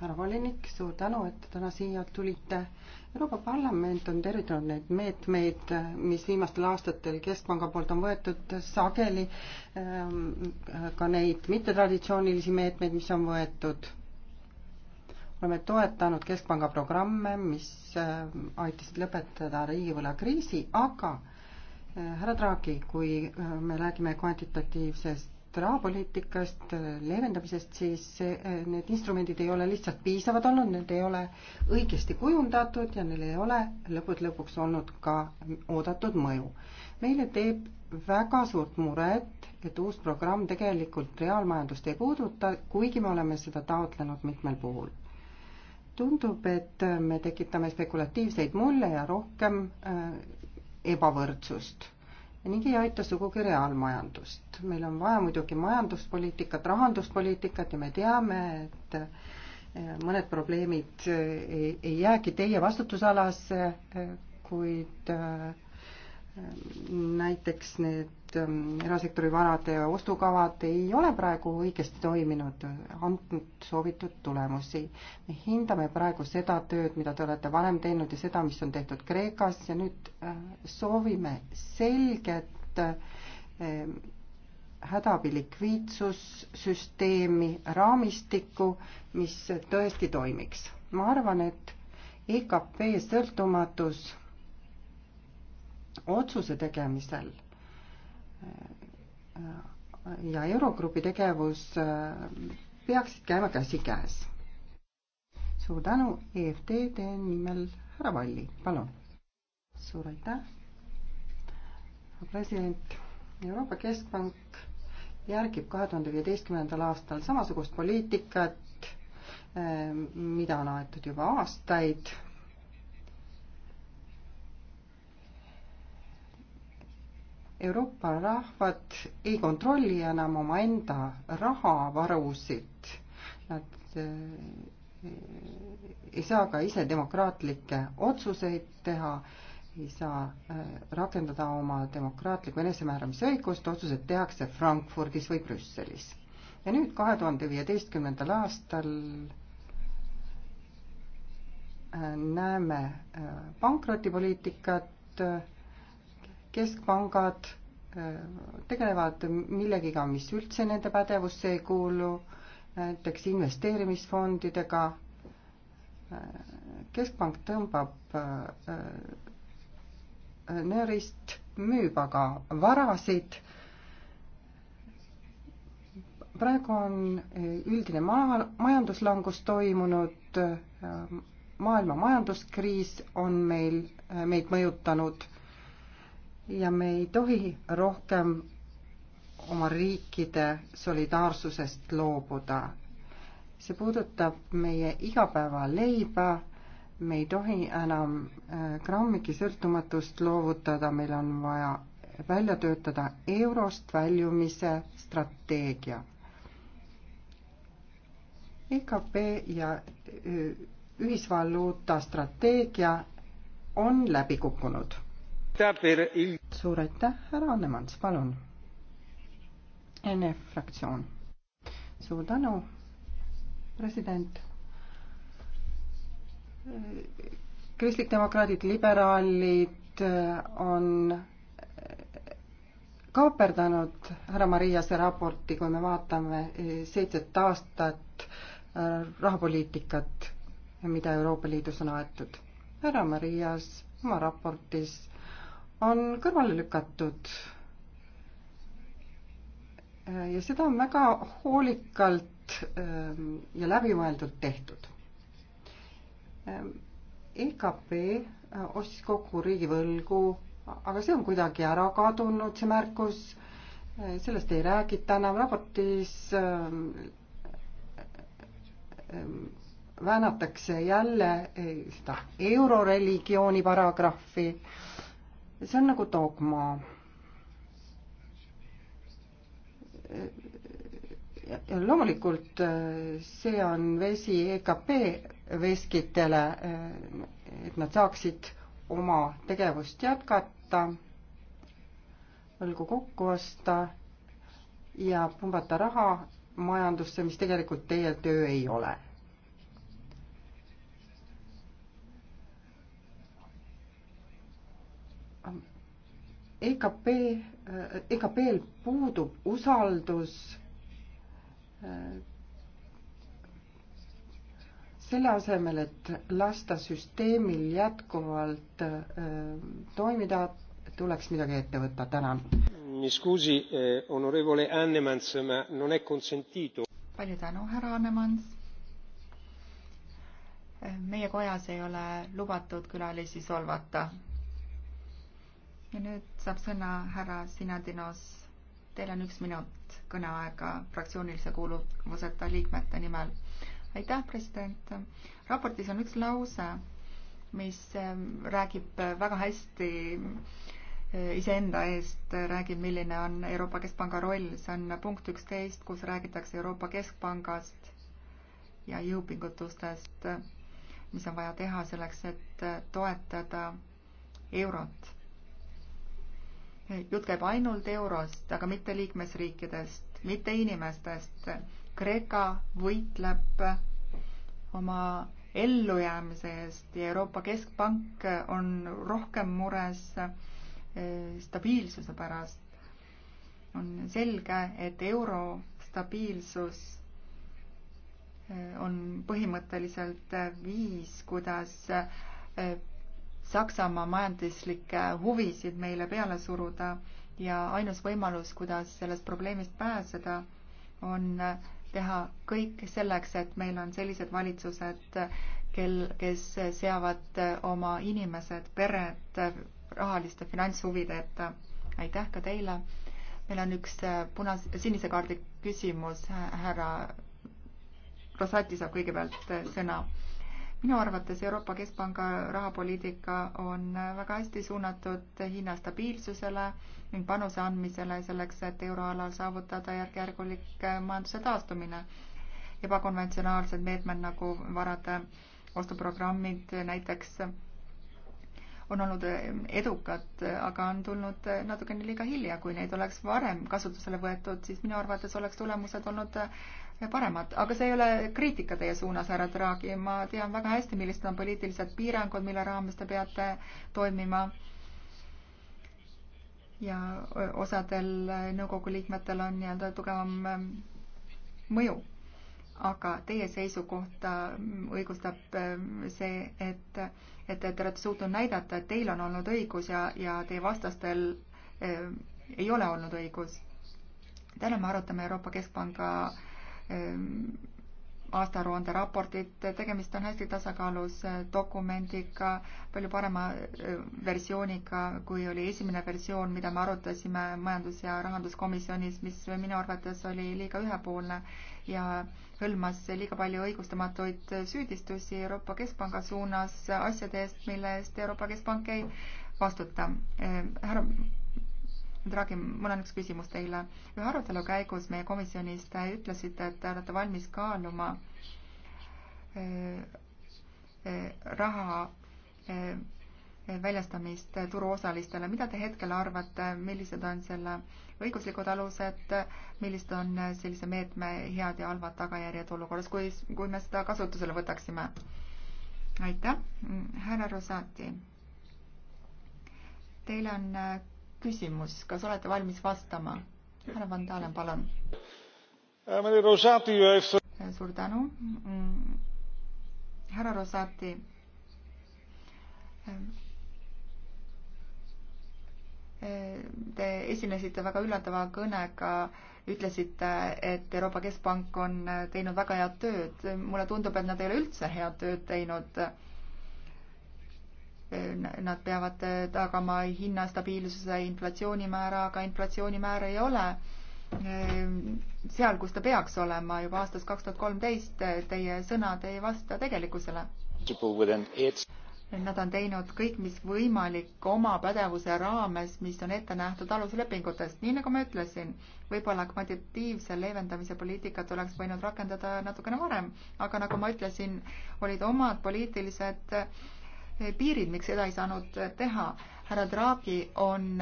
härra volinik, suur tänu, et täna siia tulite Euroopa Parlament on tervitanud neid meetmeid, mis viimastel aastatel Keskpanga poolt on võetud, sageli ähm, ka neid mittetraditsioonilisi meetmeid, mis on võetud. oleme toetanud Keskpanga programme, mis ähm, aitasid lõpetada riigivõlakriisi, aga äh, härra Draghi, kui äh, me räägime kvantitatiivsest rahapoliitikast, leevendamisest, siis need instrumendid ei ole lihtsalt piisavad olnud, need ei ole õigesti kujundatud ja neil ei ole lõppude lõpuks olnud ka oodatud mõju. meile teeb väga suurt muret, et uus programm tegelikult reaalmajandust ei puuduta, kuigi me oleme seda taotlenud mitmel puhul. tundub, et me tekitame spekulatiivseid mulje ja rohkem äh, ebavõrdsust ning ei aita sugugi reaalmajandust. meil on vaja muidugi majanduspoliitikat, rahanduspoliitikat ja me teame, et eh, mõned probleemid ei, eh, ei jäägi teie vastutusalasse, eh, kuid äh, näiteks need ähm, erasektori varade ostukavad ei ole praegu õigesti toiminud, andnud soovitud tulemusi. me hindame praegu seda tööd, mida te olete varem teinud ja seda, mis on tehtud Kreekas ja nüüd äh, soovime selget ähm, hädaabi likviidsussüsteemi, raamistikku, mis tõesti toimiks. ma arvan, et EKP sõltumatus otsuse tegemisel ja Eurogrupi tegevus äh, peaksid käima käsikäes. suur tänu EFTD nimel härra Valli, palun. suur aitäh. president, Euroopa Keskpank järgib kahe tuhande viieteistkümnendal aastal samasugust poliitikat, äh, mida on aetud juba aastaid Euroopa rahvad ei kontrolli enam omaenda rahavarusid. Nad eh, ei saa ka ise demokraatlikke otsuseid teha, ei saa eh, rakendada oma demokraatlikku enesemääramisõigust, otsused tehakse Frankfurdis või Brüsselis. ja nüüd kahe tuhande viieteistkümnendal aastal eh, näeme pankrotipoliitikat keskpangad äh, tegelevad millegiga, mis üldse nende pädevusse ei kuulu, näiteks investeerimisfondidega. Äh, keskpank tõmbab äh, nöörist, müüb aga varasid. praegu on üldine maa, majanduslangus toimunud, maailma majanduskriis on meil, meid mõjutanud ja me ei tohi rohkem oma riikide solidaarsusest loobuda. see puudutab meie igapäevaleiba, me ei tohi enam äh, grammigi sõltumatust loovutada, meil on vaja välja töötada eurost väljumise strateegia. EKP ja äh, ühisvaluuta strateegia on läbi kukkunud suur aitäh, härra Annemans, palun. NF fraktsioon. suur tänu, president. kristlikdemokraadid, liberaalid eh, on kaaperdanud härra Mariase raporti, kui me vaatame eh, seitset aastat eh, rahapoliitikat, mida Euroopa Liidus on aetud. härra Marias oma raportis on kõrvale lükatud. ja seda on väga hoolikalt ähm, ja läbimõeldult tehtud. Ähm, EKP äh, ostis kokku riigivõlgu, aga see on kuidagi ära kadunud, see märkus, äh, sellest ei räägita enam raportis ähm, väänatakse jälle äh, seda euroreligiooni paragrahvi äh, see on nagu dogma. ja loomulikult äh, see on vesi EKP veskitele, äh, et nad saaksid oma tegevust jätkata, õlgu kokku osta ja pumbata raha majandusse, mis tegelikult teie töö ei ole EKP, äh, EKP-l puudub usaldus äh, selle asemel, et lasta süsteemil jätkuvalt äh, toimida, tuleks midagi ette võtta, tänan. Eh, palju tänu, härra Annemans. Eh, meie kojas ei ole lubatud külalisi solvata ja nüüd saab sõna härra Sinadinos. Teil on üks minut kõneaega fraktsioonilise kuuluvuseta liikmete nimel. aitäh, president. raportis on üks lause, mis ähm, räägib väga hästi äh, iseenda eest, räägib, milline on Euroopa Keskpanga roll. see on punkt üksteist, kus räägitakse Euroopa Keskpangast ja jõupingutustest, mis on vaja teha selleks, et äh, toetada eurot jutt käib ainult eurost, aga mitte liikmesriikidest, mitte inimestest. Kreeka võitleb oma ellujäämise eest ja Euroopa Keskpank on rohkem mures eh, stabiilsuse pärast. on selge, et euro stabiilsus eh, on põhimõtteliselt viis, kuidas eh, Saksamaa majanduslikke huvisid meile peale suruda ja ainus võimalus, kuidas sellest probleemist pääseda, on äh, teha kõik selleks, et meil on sellised valitsused, kel, kes seavad äh, oma inimesed, pered äh, rahaliste finantshuvide ette. aitäh ka teile. meil on üks punase, sinise kaardi küsimus, härra Rosati saab kõigepealt sõna minu arvates Euroopa Keskpanga rahapoliitika on väga hästi suunatud hinnastabiilsusele ning panuse andmisele selleks, et euroalal saavutada järk-järgulik eh, majanduse taastumine. ebakonventsionaalsed meetmed nagu varade ostuprogrammid näiteks on olnud eh, edukad, aga on tulnud eh, natukene liiga hilja. kui neid oleks varem kasutusele võetud, siis minu arvates oleks tulemused olnud paremad, aga see ei ole kriitika teie suunas, härra Draghi, ma tean väga hästi, millised on poliitilised piirangud, mille raames te peate toimima. ja osadel nõukogu liikmetel on nii-öelda tugevam ähm, mõju. aga teie seisukohta õigustab äh, see, et, et te olete suutnud näidata, et teil on olnud õigus ja, ja teie vastastel äh, ei ole olnud õigus. täna me arutame Euroopa Keskpanga Ähm, aastaaruande raportit, tegemist on hästi tasakaalus äh, dokumendiga, palju parema äh, versiooniga, kui oli esimene versioon, mida me arutasime majandus- ja rahanduskomisjonis, mis minu arvates oli liiga ühepoolne ja hõlmas liiga palju õigustamatuid süüdistusi Euroopa Keskpanga suunas asjade eest, mille eest Euroopa Keskpank ei vastuta. Äh, härra Draghi, mul on üks küsimus teile. ühe arutelu käigus meie komisjonis te ütlesite, et te olete valmis kaaluma äh, äh, raha äh, väljastamist turuosalistele. mida te hetkel arvate, millised on selle õiguslikud alused, millised on sellise meetme head ja halvad tagajärjed olukorras, kui, kui me seda kasutusele võtaksime? aitäh, härra Rosati. Teil on küsimus, kas olete valmis vastama? härra Van Dalen, palun. suur tänu. Mm. härra Rosati. Te esinesite väga üllatava kõnega, ütlesite, et Euroopa Keskpank on teinud väga head tööd. mulle tundub, et nad ei ole üldse head tööd teinud nad peavad äh, tagama hinnastabiilsuse inflatsioonimäära, aga inflatsioonimäär ei ole äh, seal, kus ta peaks olema juba aastast kaks tuhat kolmteist. Äh, teie sõnad ei vasta tegelikkusele. Nad on teinud kõik, mis võimalik oma pädevuse raames, mis on ette nähtud aluslepingutest. nii nagu ma ütlesin, võib-olla kvantitatiivse leevendamise poliitikat oleks võinud rakendada natukene varem, aga nagu ma ütlesin, olid omad poliitilised äh, piirid, miks seda ei saanud teha. härra Draghi on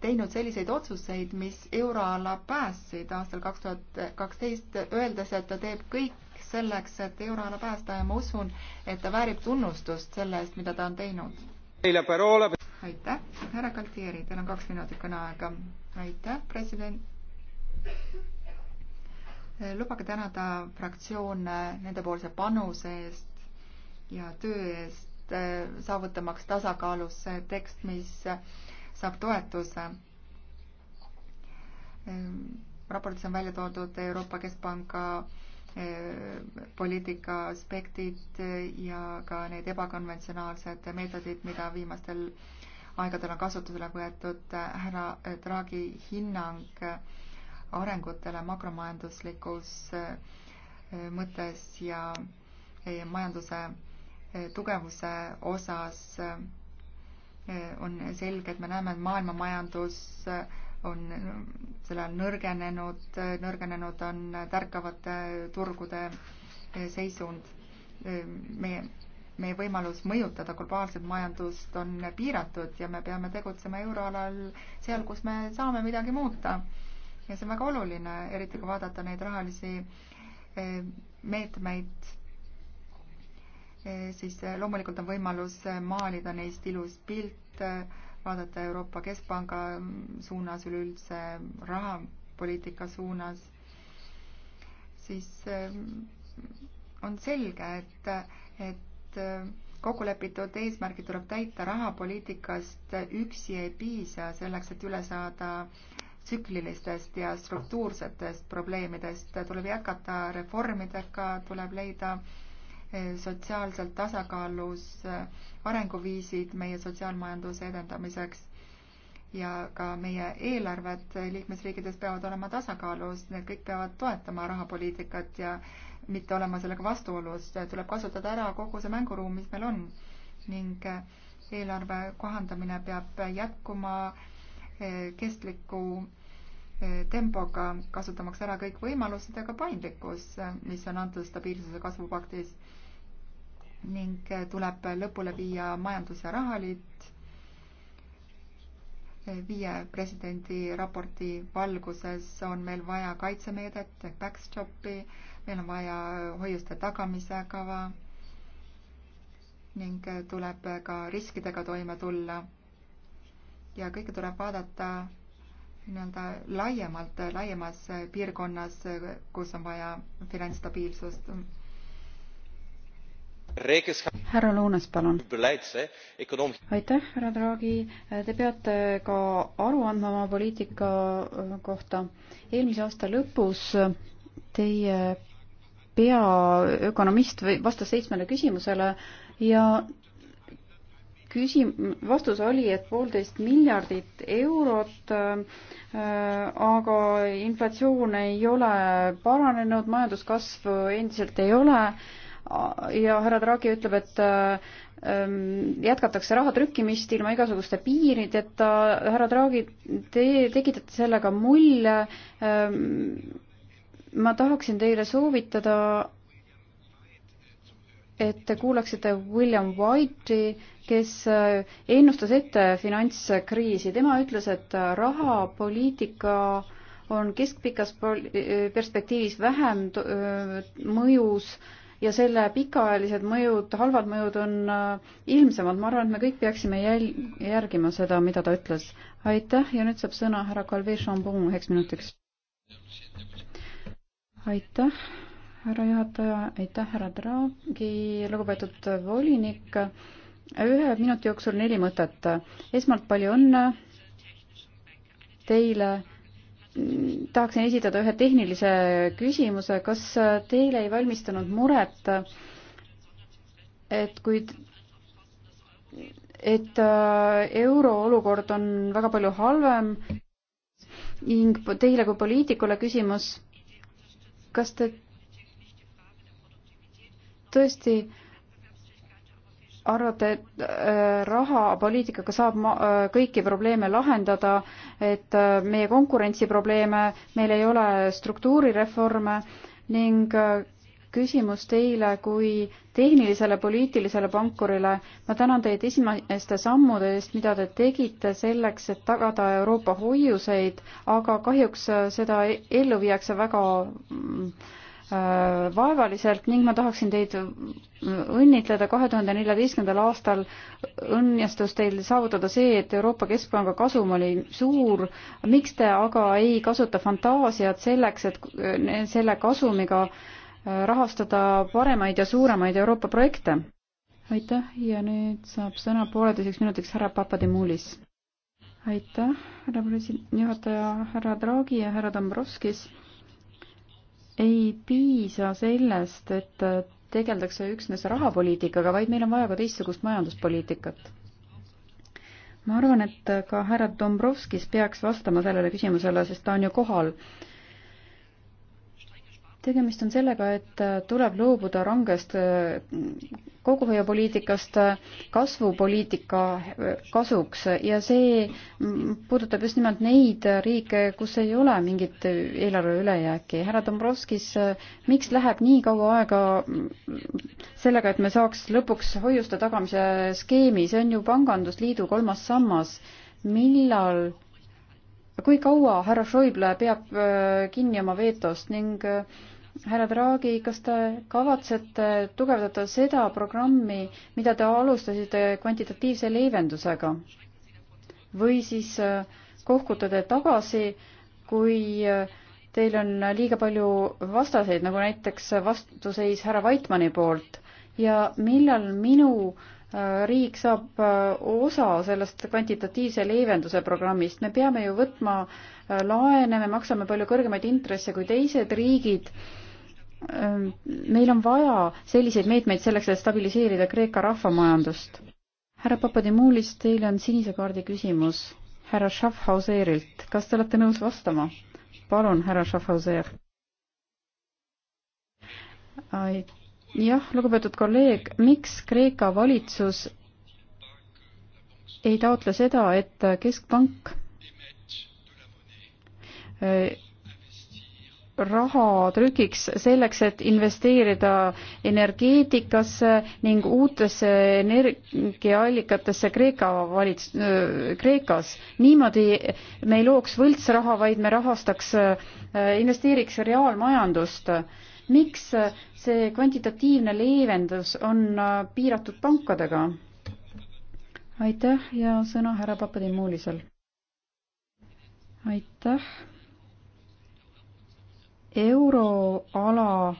teinud selliseid otsuseid, mis euroala päästsid aastal kaks tuhat kaksteist, öeldes, et ta teeb kõik selleks, et euroala päästa ja ma usun, et ta väärib tunnustust selle eest, mida ta on teinud. aitäh, härra Galtieri, teil on kaks minutit kõneaega. aitäh, president. lubage tänada fraktsioone nendepoolse panuse eest ja töö eest et äh, saavutamaks tasakaalus tekst, mis äh, saab toetuse. Ähm, raportis on välja toodud Euroopa Keskpanga äh, poliitika aspektid ja ka need ebakonventsionaalsed meetodid, mida viimastel aegadel on kasutusele võetud härra Draghi hinnang arengutele makromajanduslikus mõttes ja majanduse tugevuse osas eh, on selge, et me näeme, et maailmamajandus eh, on selle all nõrgenenud, eh, nõrgenenud on tärkavate turgude seisund. meie, meie võimalus mõjutada globaalset majandust on piiratud ja me peame tegutsema euroalal seal, kus me saame midagi muuta. ja see on väga oluline, eriti kui vaadata neid rahalisi meetmeid Eh, siis eh, loomulikult on võimalus eh, maalida neist ilus pilt, vaadata Euroopa Keskpanga mm, suunas, üleüldse rahapoliitika suunas, siis on selge, et, et kokkulepitud eesmärgid tuleb täita, rahapoliitikast üksi ei piisa selleks, et üle saada tsüklilistest ja struktuursetest probleemidest, tuleb jätkata reformidega, tuleb leida äh, sotsiaalselt tasakaalus äh, arenguviisid meie sotsiaalmajanduse edendamiseks ja ka meie eelarved liikmesriikides peavad olema tasakaalus, need kõik peavad toetama rahapoliitikat ja mitte olema sellega vastuolus, tuleb kasutada ära kogu see mänguruum, mis meil on ning äh, eelarve kohandamine peab jätkuma äh, kestliku tempoga, kasutamaks ära kõik võimalused ja ka paindlikkus, mis on antud stabiilsuse kasvupaktis ning tuleb lõpule viia majandus- ja rahaliit viie presidendi raporti valguses on meil vaja kaitsemeedet ehk backstopi, meil on vaja hoiuste tagamise kava ning tuleb ka riskidega toime tulla. ja kõike tuleb vaadata nii-öelda laiemalt, laiemas piirkonnas, kus on vaja finantsstabiilsust härra Luunes, palun. aitäh, härra Draghi. Te peate ka aru andma oma poliitika äh, kohta. eelmise aasta lõpus teie peaökonomist vastas seitsmele küsimusele ja küsim-, vastus oli, et poolteist miljardit eurot äh,, aga inflatsioon ei ole paranenud, majanduskasvu endiselt ei ole äh, ja härra Draghi ütleb, et ähm, jätkatakse raha trükkimist ilma igasuguste piirideta, härra Draghi, te tekitate sellega mulje, ähm, ma tahaksin teile soovitada, et te kuulaksite William White'i, kes äh, ennustas ette finantskriisi, tema ütles, et rahapoliitika on keskpikas äh, perspektiivis vähem äh, mõjus äh, ja selle pikaajalised mõjud, halvad mõjud on äh, ilmsemad. ma arvan, et me kõik peaksime jäl-, järgima seda, mida ta ütles. aitäh ja nüüd saab sõna härra Calvi Chambon üheks minutiks. aitäh, härra juhataja, aitäh, härra Draghi, lugupeetud volinik. ühe minuti jooksul neli mõtet. esmalt palju õnne teile tahaksin esitada ühe tehnilise küsimuse, kas teile ei valmistanud muret, et kui et äh, euro olukord on väga palju halvem ning teile kui poliitikule küsimus, kas te tõesti äh, arvate, et äh, rahapoliitikaga saab ma, äh, kõiki probleeme lahendada, et äh, meie konkurentsiprobleeme, meil ei ole struktuurireforme ning küsimus teile kui tehnilisele poliitilisele pankurile. ma tänan teid esimeste sammude eest, mida te tegite selleks, et tagada Euroopa hoiuseid, aga kahjuks seda e-, ellu viiakse väga mm, Äh, vaevaliselt ning ma tahaksin teid õnnitleda. kahe tuhande neljateistkümnendal aastal õnnestus teil saavutada see, et Euroopa Keskpanga kasum oli suur. miks te aga ei kasuta fantaasiat selleks, et äh, selle kasumiga äh, rahastada paremaid ja suuremaid Euroopa projekte? aitäh ja nüüd saab sõna pooleteiseks minutiks härra Papadimulis. aitäh, härra president, juhataja, härra Draghi ja härra Dombrovskis ei piisa sellest, et tegeldakse üksnes rahapoliitikaga, vaid meil on vaja ka teistsugust majanduspoliitikat. ma arvan, et ka härra Dombrovskis peaks vastama sellele küsimusele, sest ta on ju kohal tegemist on sellega, et äh, tuleb loobuda rangest äh, kokkuhoiupoliitikast äh, kasvupoliitika kasuks ja see mm, puudutab just nimelt neid riike, kus ei ole mingit eelarve ülejääki. härra Dombrovskis, miks läheb nii kaua aega mm, sellega, et me saaks lõpuks hoiuste tagamise skeemi, see on ju Pangandusliidu kolmas sammas, millal kui kaua härra Schäuble peab kinni oma veetost ning äh, härra Draghi, kas te kavatsete tugevdada seda programmi, mida te alustasite kvantitatiivse leevendusega või siis äh, kohkute te tagasi, kui äh, teil on liiga palju vastaseid, nagu näiteks vastuseis härra Vaitmani poolt ja millal minu äh, riik saab osa sellest kvantitatiivse leevenduse programmist, me peame ju võtma laene, me maksame palju kõrgemaid intresse kui teised riigid meil on vaja selliseid meetmeid selleks, et stabiliseerida Kreeka rahvamajandust. härra Papadimoulis, teil on sinise kaardi küsimus härra Schaffhauserilt. kas te olete nõus vastama? palun, härra Schaffhauser. jah, lugupeetud kolleeg, miks Kreeka valitsus ei taotle seda, et keskpank raha trükiks selleks, et investeerida energeetikasse ning uutesse energiaallikatesse Kreeka valits-, Kreekas. niimoodi me ei looks võltsraha, vaid me rahastaks, äh, investeeriks reaalmajandust. miks see kvantitatiivne leevendus on äh, piiratud pankadega? aitäh ja sõna härra Papadimoolisel. aitäh euroala ähm,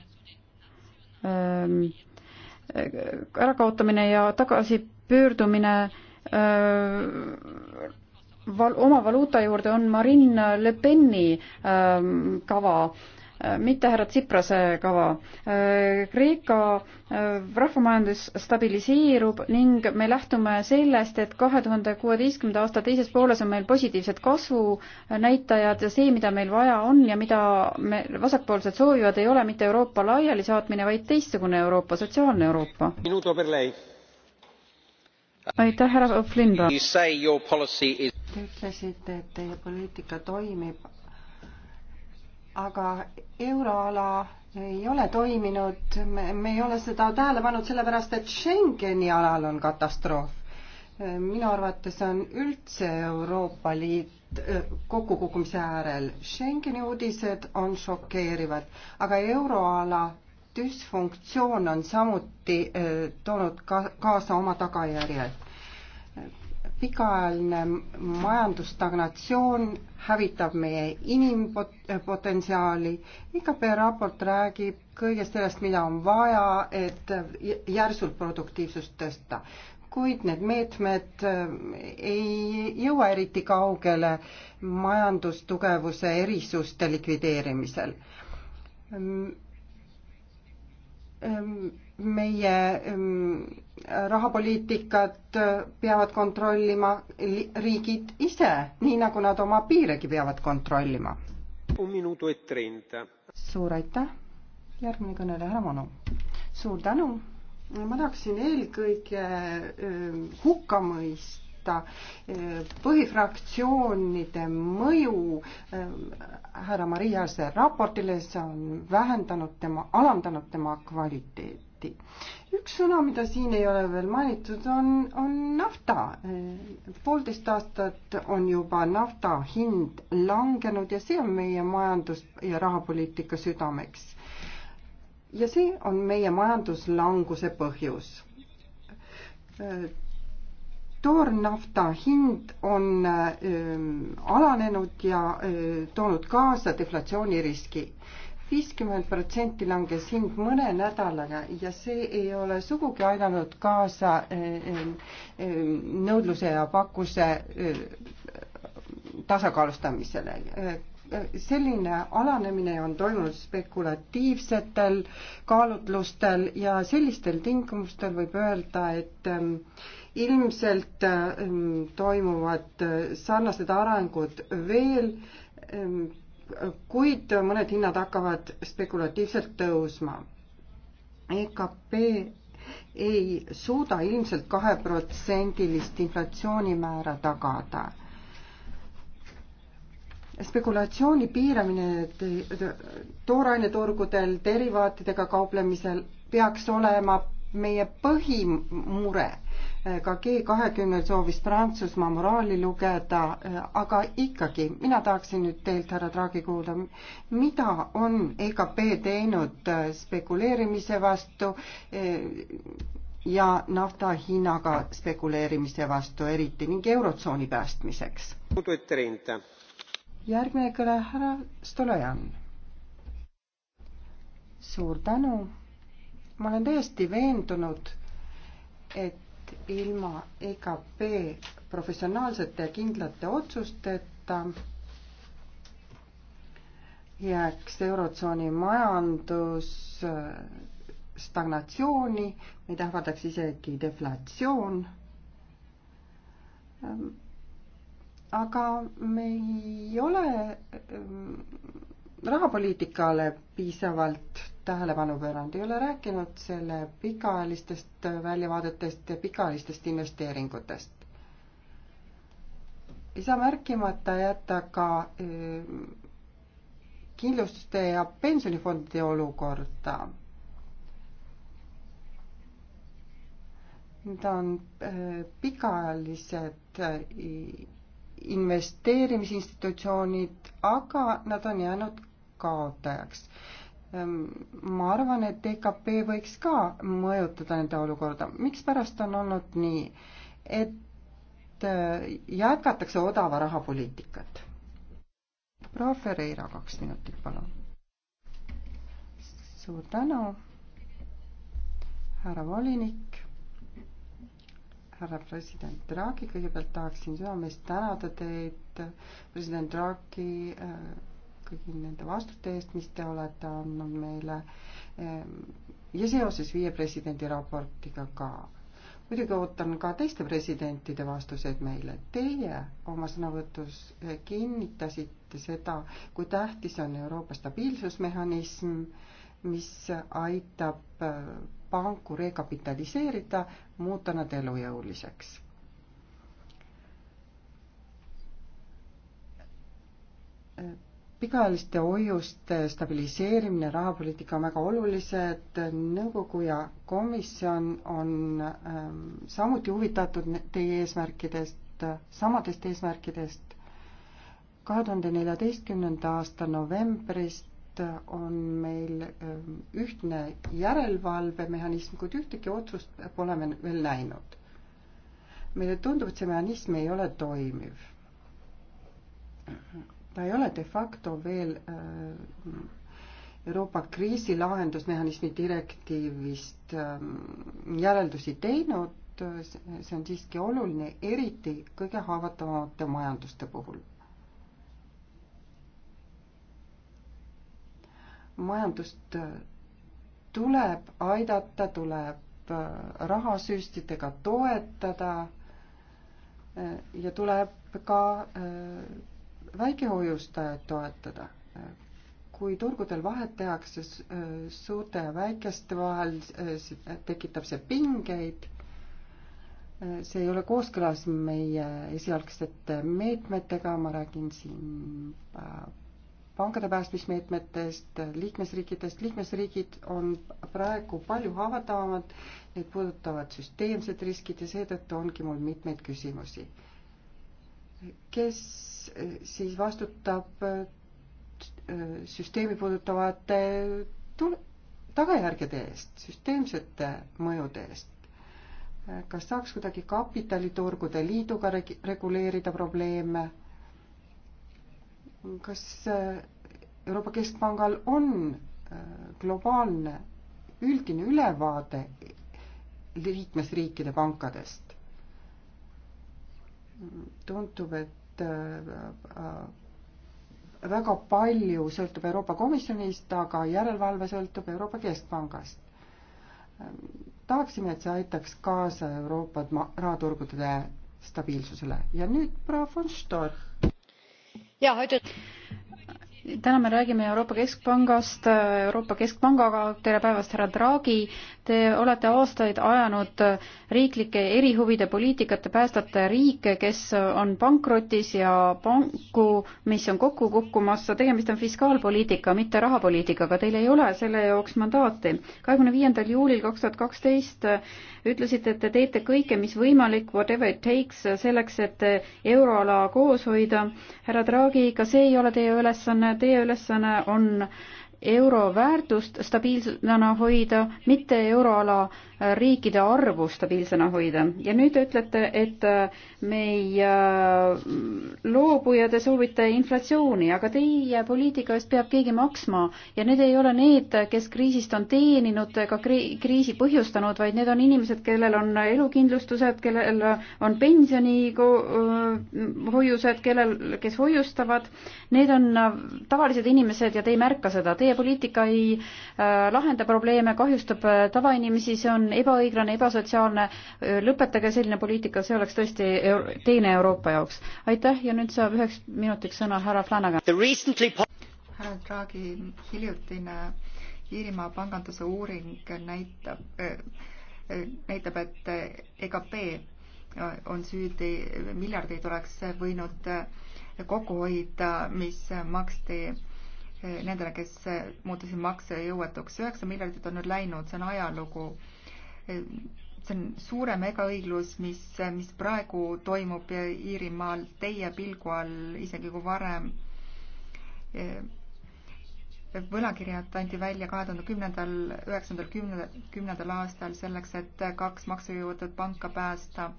ärakaotamine ja tagasipöördumine äh, val-, oma valuuta juurde on Marine Le Peni ähm, kava Äh, mitte härra Tsiprase kava. Äh, Kreeka äh, rahvamajandus stabiliseerub ning me lähtume sellest, et kahe tuhande kuueteistkümnenda aasta teises pooles on meil positiivsed kasvunäitajad ja see, mida meil vaja on ja mida me vasakpoolsed soovivad, ei ole mitte Euroopa laialisaatmine, vaid teistsugune Euroopa, sotsiaalne Euroopa. aitäh, härra Flinda. Te ütlesite, et teie poliitika toimib aga euroala ei ole toiminud, me ei ole seda tähele pannud sellepärast, et Schengeni alal on katastroof. minu arvates on üldse Euroopa Liit kokkukukkumise äärel. Schengeni uudised on šokeerivad, aga euroala düsfunktsioon on samuti toonud ka kaasa oma tagajärjed pikaajaline majandusstagnatsioon hävitab meie inimpotentsiaali. IKP e raport räägib kõigest sellest, mida on vaja, et järsult produktiivsust tõsta kuid need meetmed eh, ei jõua eriti kaugele majandustugevuse erisuste likvideerimisel. Ehm, meie ehm, rahapoliitikat äh, peavad kontrollima riigid ise, nii nagu nad oma piiregi peavad kontrollima. E suur aitäh, järgmine kõneleja, härra Manu. suur tänu, ma tahaksin eelkõige ehm, hukka mõista kohta põhifraktsioonide mõju äh, härra Mariase raportile, see on vähendanud tema, alandanud tema kvaliteeti. üks sõna, mida siin ei ole veel mainitud, on, on nafta. Äh, poolteist aastat on juba nafta hind langenud ja see on meie majandus- ja rahapoliitika südameks ja see on meie majanduslanguse põhjus äh, toornafta hind on ähm, alanenud ja äh, toonud kaasa deflatsiooniriski. viiskümmend protsenti langes hind mõne nädalaga ja see ei ole sugugi aidanud kaasa äh, äh, nõudluse ja pakkuse tasakaalustamisele selline alanemine on toimunud spekulatiivsetel kaalutlustel ja sellistel tingimustel võib öelda, et ähm, ilmselt ähm, toimuvad äh, sarnased arengud veel, ähm, kuid mõned hinnad hakkavad spekulatiivselt tõusma. EKP ei suuda ilmselt kaheprotsendilist inflatsioonimäära tagada. spekulatsiooni piiramine tooraineturgudel derivaatidega kauplemisel peaks olema meie põhimure ka G kahekümnel soovis Prantsusmaa moraali lugeda, aga ikkagi, mina tahaksin nüüd teilt, härra Draghi, kuulda, mida on EKP teinud äh, spekuleerimise vastu äh, ja nafta hinnaga spekuleerimise vastu eriti ning Eurotsooni päästmiseks? järgmine kõne, härra Stolojan. suur tänu. ma olen täiesti veendunud, et et ilma EKP professionaalsete ja kindlate otsusteta jääks Eurotsooni majandus äh, stagnatsiooni, meid ähvardaks isegi deflatsioon. Ähm, aga me ei ole ähm, rahapoliitikale piisavalt tähelepanu pööranud, ei ole rääkinud selle pikaajalistest väljavaadetest ja pikaajalistest investeeringutest. ei saa märkimata jätta ka eh, kindlustuste ja pensionifondide olukorda need on eh, pikaajalised eh, investeerimisinstitutsioonid, aga nad on jäänud kaotajaks. Ehm, ma arvan, et EKP võiks ka mõjutada nende olukorda. mikspärast on olnud nii, et äh, jätkatakse odava rahapoliitikat? proua Ferreira, kaks minutit, palun. suur tänu, härra volinik, härra president Draghi, kõigepealt tahaksin südamest tänada teid, president Draghi äh, kõigi nende vastute eest, mis te olete andnud meile ehm, ja seoses viie presidendi raportiga ka. muidugi ootan ka teiste presidentide vastuseid meile. Teie oma sõnavõtus kinnitasite seda, kui tähtis on Euroopa stabiilsusmehhanism, mis aitab eh, panku rekapitaliseerida, muuta nad elujõuliseks pikaajaliste hoiuste stabiliseerimine, rahapoliitika on väga olulised, nõukogu ja komisjon on ähm, samuti huvitatud teie eesmärkidest, samadest eesmärkidest. kahe tuhande neljateistkümnenda aasta novembrist on meil ähm, ühtne järelevalvemehhanism, kuid ühtegi otsust pole me veel näinud. meile tundub, et see mehhanism ei ole toimiv ta ei ole de facto veel äh, Euroopa kriisilahendusmehhanismi direktiivist ähm, järeldusi teinud, äh, see on siiski oluline, eriti kõige haavatavamate majanduste puhul. majandust äh, tuleb aidata, tuleb rahasüstidega toetada ja tuleb ka väikehoiustajaid toetada. kui turgudel vahet tehakse suurte ja väikeste vahel, tekitab see pingeid. see ei ole kooskõlas meie esialgsete meetmetega, ma räägin siin pankade päästmismeetmetest, liikmesriikidest, liikmesriigid on praegu palju haavatavamad, neid puudutavad süsteemsed riskid ja seetõttu ongi mul mitmeid küsimusi kes eh, siis vastutab eh, süsteemi puudutavate tul-, tagajärgede eest, süsteemsete mõjude eest. Eh, kas saaks kuidagi kapitaliturgude liiduga reg-, reguleerida probleeme? kas Euroopa Keskpangal on globaalne üldine ülevaade liikmesriikide pankadest? tundub, et äh, äh, väga palju sõltub Euroopa Komisjonist, aga järelevalve sõltub Euroopa Keskpangast. tahaksime, et see aitaks kaasa Euroopa rahaturgude stabiilsusele ja nüüd proua von Storch täna me räägime Euroopa Keskpangast, Euroopa Keskpangaga, tere päevast, härra Draghi. Te olete aastaid ajanud riiklike erihuvide poliitikat, te päästate riike, kes on pankrotis ja panku, mis on kokku kukkumas. tegemist on fiskaalpoliitika, mitte rahapoliitikaga. Teil ei ole selle jaoks mandaati. kahekümne viiendal juulil kaks tuhat kaksteist ütlesite, et te teete kõike, mis võimalik, whatever it takes, selleks, et euroala koos hoida. härra Draghi, ka see ei ole teie ülesanne teie ülesanne on euro väärtust stabiilsena hoida, mitte euroala riikide arvu stabiilsena hoida ja nüüd te ütlete, et äh, me ei äh, loobu ja te soovite inflatsiooni, aga teie poliitika eest peab keegi maksma ja need ei ole need, kes kriisist on teeninud ega kriisi põhjustanud, vaid need on inimesed, kellel on elukindlustused, kellel on pensionihoiused, äh, kellel, kes hoiustavad, need on tavalised inimesed ja te ei märka seda, teie poliitika ei lahenda probleeme, kahjustab tavainimesi, see on on ebaõiglane, ebasotsiaalne, lõpetage selline poliitika, see oleks tõesti euro teine Euroopa jaoks. aitäh ja nüüd saab üheks minutiks sõna härra Flanagan. härra Draghi hiljutine Iirimaa panganduse uuring näitab, näitab, et EKP on süüdi, miljardeid oleks võinud kokku hoida, mis maksti nendele, kes muutusid maksejõuetuks. üheksa miljardit on nüüd läinud, see on ajalugu see on suurem ebaõiglus, mis, mis praegu toimub Iirimaal teie pilgu all, isegi kui varem. võlakirjad anti välja kahe tuhande kümnendal, üheksandal, kümnendal, kümnendal aastal selleks, et kaks maksujõuetud panka päästa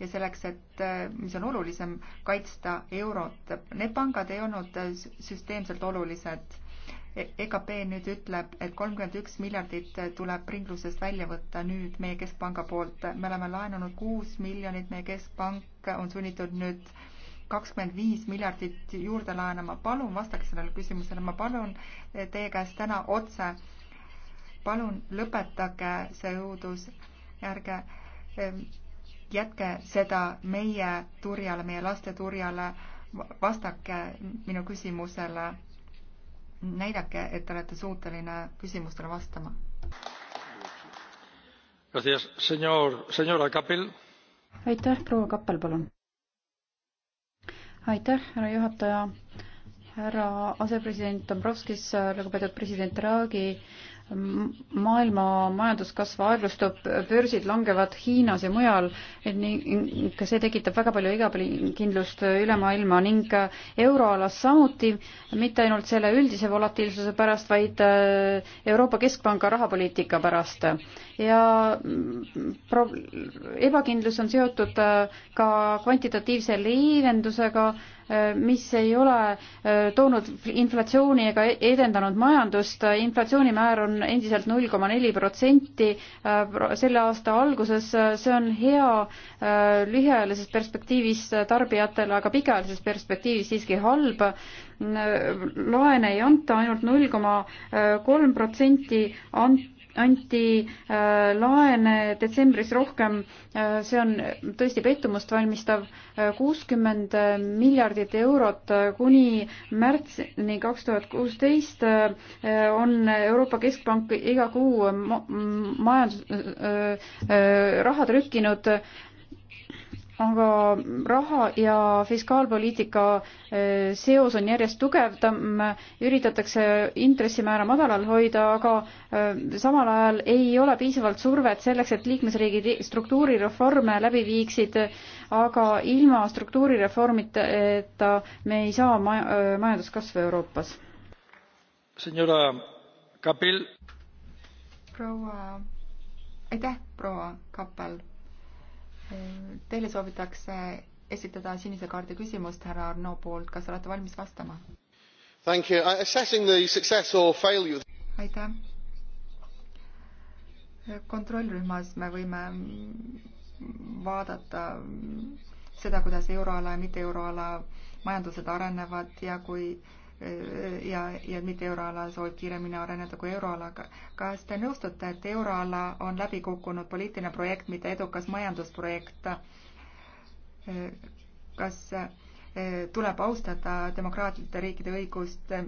ja selleks, et mis on olulisem, kaitsta eurot. Need pangad ei olnud süsteemselt olulised EKP nüüd ütleb, et kolmkümmend üks miljardit tuleb ringlusest välja võtta nüüd meie keskpanga poolt. me oleme laenanud kuus miljonit, meie keskpank on sunnitud nüüd kakskümmend viis miljardit juurde laenama. palun vastake sellele küsimusele, ma palun teie käest täna otse. palun lõpetage see õudus, ärge jätke seda meie turjale, meie laste turjale. vastake minu küsimusele näidake, et te olete suuteline küsimustele vastama. aitäh, proua Kappel, palun. aitäh, härra juhataja härra asepresident Dombrovskis, lugupeetud president Draghi, maailma majanduskasv aeglustub, börsid langevad Hiinas ja mujal, et ning see tekitab väga palju igakindlust üle maailma ning euroalas samuti, mitte ainult selle üldise volatiilsuse pärast, vaid äh, Euroopa Keskpanga rahapoliitika pärast. ja mm, pro-, ebakindlus on seotud äh, ka kvantitatiivse leevendusega, mis ei ole äh, toonud inflatsiooni ega edendanud majandust. inflatsioonimäär on endiselt null koma neli protsenti äh, selle aasta alguses. see on hea äh, lühiajalises perspektiivis tarbijatele, aga pikaajalises perspektiivis siiski halb. laene ei anta ainult, ainult null koma kolm protsenti anti anti äh, laene detsembris rohkem, äh, see on tõesti pettumust valmistav, äh, kuuskümmend miljardit eurot kuni märtsini kaks tuhat kuusteist on Euroopa Keskpank iga kuu majandus, raha trükkinud aga raha ja fiskaalpoliitika äh, seos on järjest tugevdam, üritatakse intressimäära madalal hoida, aga äh, samal ajal ei ole piisavalt survet selleks, et liikmesriigid struktuurireforme läbi viiksid, aga ilma struktuurireformita me ei saa maja, äh, majanduskasvu Euroopas. Senora Kapil. proua, aitäh, proua Kapel Teile soovitakse esitada sinise kaardi küsimust härra Arno poolt, kas olete valmis vastama? Uh, aitäh. kontrollrühmas me võime vaadata seda, kuidas euroala ja mitte euroala majandused arenevad ja kui äh, ja, ja mitte euroala soovib kiiremini areneda kui euroalaga. kas te nõustute, et euroala on läbi kukkunud poliitiline projekt, mitte edukas majandusprojekt? kas eh, tuleb austada demokraatlike riikide õigust eh,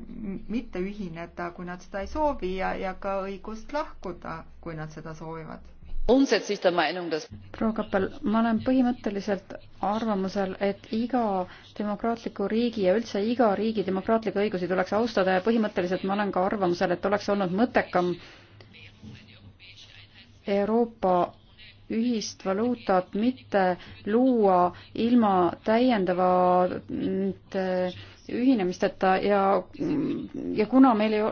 mitte ühineda, kui nad seda ei soovi ja, ja ka õigust lahkuda, kui nad seda soovivad? proua Kappel, ma olen põhimõtteliselt arvamusel, et iga demokraatliku riigi ja üldse iga riigi demokraatlikke õigusi tuleks austada ja põhimõtteliselt ma olen ka arvamusel, et oleks olnud mõttekam Euroopa ühist valuutat mitte luua ilma täiendavat ühinemisteta ja, ja kuna meil ei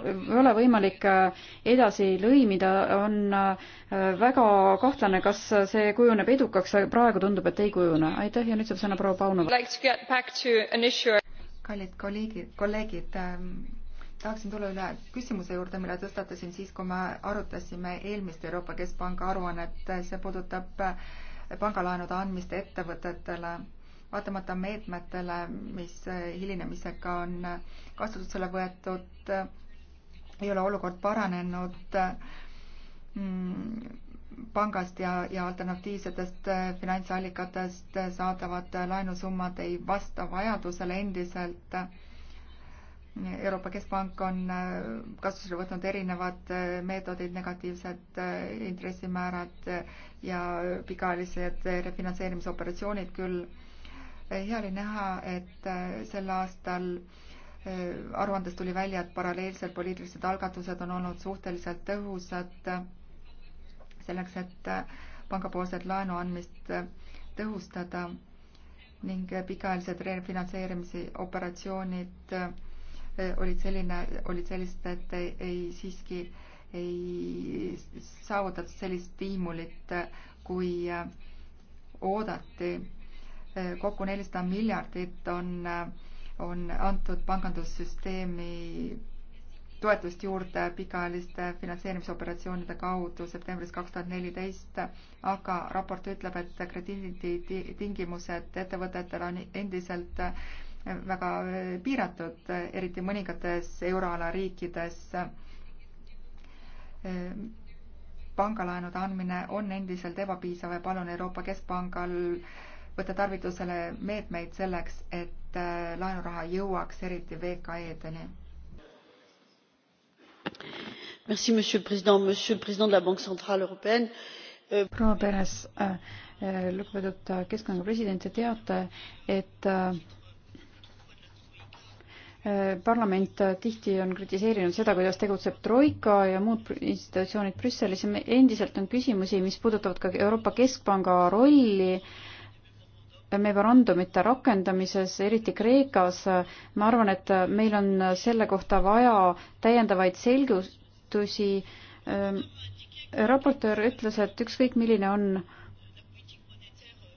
ole võimalik äh, edasi lõimida, on äh, väga kahtlane, kas see kujuneb edukaks, praegu tundub, et ei kujune. aitäh ja nüüd saab sõna proua Paunova like. kallid kolleegid, kolleegid ähm, tahaksin tulla üle küsimuse juurde, mille tõstatasin siis, kui me arutasime eelmist Euroopa Keskpanga aruannet, see puudutab äh, pangalaenude andmist ettevõtetele vaatamata meetmetele, mis äh, hilinemisega on äh, kasutusele võetud, äh, ei ole olukord paranenud mm, pangast ja, ja alternatiivsetest finantsallikatest saadavad laenusummad ei vasta vajadusele endiselt. Euroopa Keskpank on kasutusele võtnud erinevad meetodid, negatiivsed intressimäärad ja pikaajalised refinantseerimisoperatsioonid küll hea oli näha, et äh, sel aastal äh, aruandes tuli välja, et paralleelsed poliitilised algatused on olnud suhteliselt tõhusad selleks, et äh, pangapoolset laenu andmist tõhustada ning pikaajalised refinantseerimise operatsioonid olid selline, olid sellised, et ei, ei siiski ei saavutatud sellist stiimulit, kui oodati kokku nelisada miljardit on, on antud pangandussüsteemi toetust juurde pikaajaliste finantseerimisoperatsioonide kaudu septembris kaks tuhat neliteist, aga raport ütleb, et krediiditingimused ettevõtetel on endiselt väga piiratud, eriti mõningates euroala riikides. pangalaenude andmine on endiselt ebapiisav ja palun Euroopa Keskpangal äh, võtta tarvitusele meetmeid selleks, et äh, laenuraha jõuaks eriti VKE-deni. Merci, monsieur le président, monsieur le président de la Banque Centrale Européenne. Euh, proua Peres, äh, äh, lugupeetud keskpanga president, te teate, et parlament tihti on kritiseerinud seda, kuidas tegutseb Troika ja muud institutsioonid Brüsselis ja endiselt on küsimusi, mis puudutavad ka Euroopa Keskpanga rolli äh, memorandumite rakendamises, eriti Kreekas, ma arvan, et meil on selle kohta vaja täiendavaid selgitusi. Ehm, raportöör ütles, et ükskõik, milline on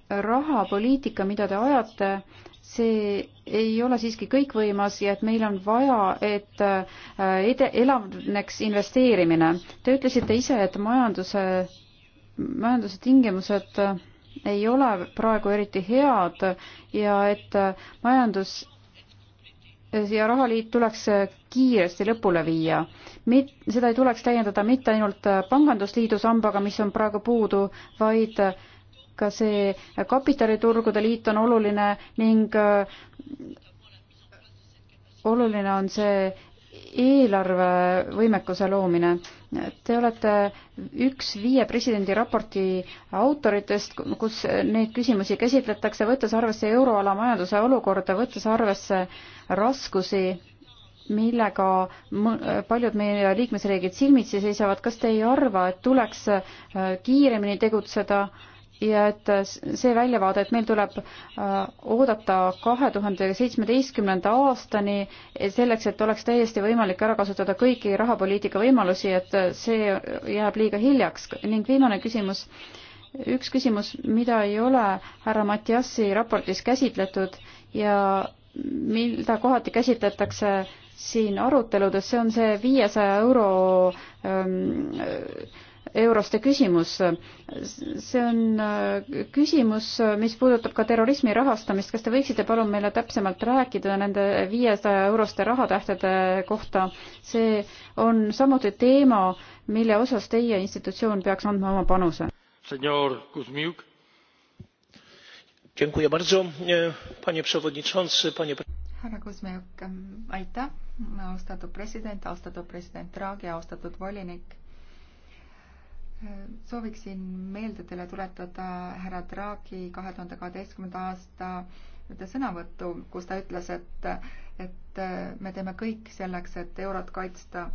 rahapoliitika, mida te ajate, see ei ole siiski kõikvõimas ja et meil on vaja, et äh, ede-, elavneks investeerimine. Te ütlesite ise, et majanduse, majanduse tingimused äh, ei ole praegu eriti head ja et majandus ja rahaliit tuleks kiiresti lõpule viia. Mit-, seda ei tuleks täiendada mitte ainult pangandusliidu sambaga, mis on praegu puudu, vaid ka see kapitaliturgude liit on oluline ning oluline on see eelarvevõimekuse loomine. Te olete üks viie presidendi raporti autoritest, kus neid küsimusi käsitletakse, võttes arvesse euroala majanduse olukorda, võttes arvesse raskusi, millega paljud meie liikmesriigid silmitsi seisavad. kas te ei arva, et tuleks äh, kiiremini tegutseda äh, ja et see väljavaade, et meil tuleb äh, oodata kahe tuhande seitsmeteistkümnenda aastani eh, selleks, et oleks täiesti võimalik ära kasutada kõiki rahapoliitika võimalusi, et äh, see jääb liiga hiljaks ning viimane küsimus, üks küsimus, mida ei ole härra Matiassi raportis käsitletud ja mida kohati käsitletakse siin aruteludes, see on see viiesaja euro ähm, euroste küsimus. see on äh, küsimus, äh, mis puudutab ka terrorismi rahastamist. kas te võiksite palun meile täpsemalt rääkida nende viiesaja euroste rahatähtede kohta? see on samuti teema, mille osas teie institutsioon peaks andma oma panuse. senor Kuzmiuk. Dziękuję bardzo, e, panie przewodniczący, panie härra Kuzmiuk, aitäh, austatud president, austatud president Draghi, austatud volinik sooviksin meelde teile tuletada härra Draghi kahe tuhande kaheteistkümnenda aasta ühte sõnavõttu, kus ta ütles, et, et me teeme kõik selleks, et eurot kaitsta.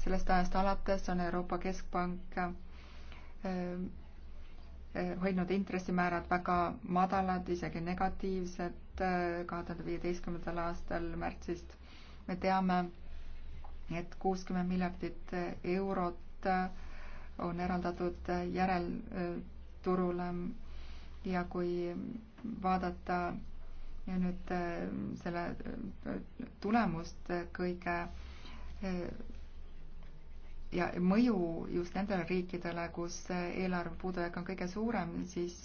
sellest ajast alates on Euroopa Keskpank eh, eh, hoidnud intressimäärad väga madalad, isegi negatiivsed eh, kahe tuhande viieteistkümnendal aastal märtsist. me teame, et kuuskümmend miljardit eurot on eraldatud järelturule ja kui vaadata ja nüüd selle tulemust kõige ja mõju just nendele riikidele, kus eelarve puudujääk on kõige suurem, siis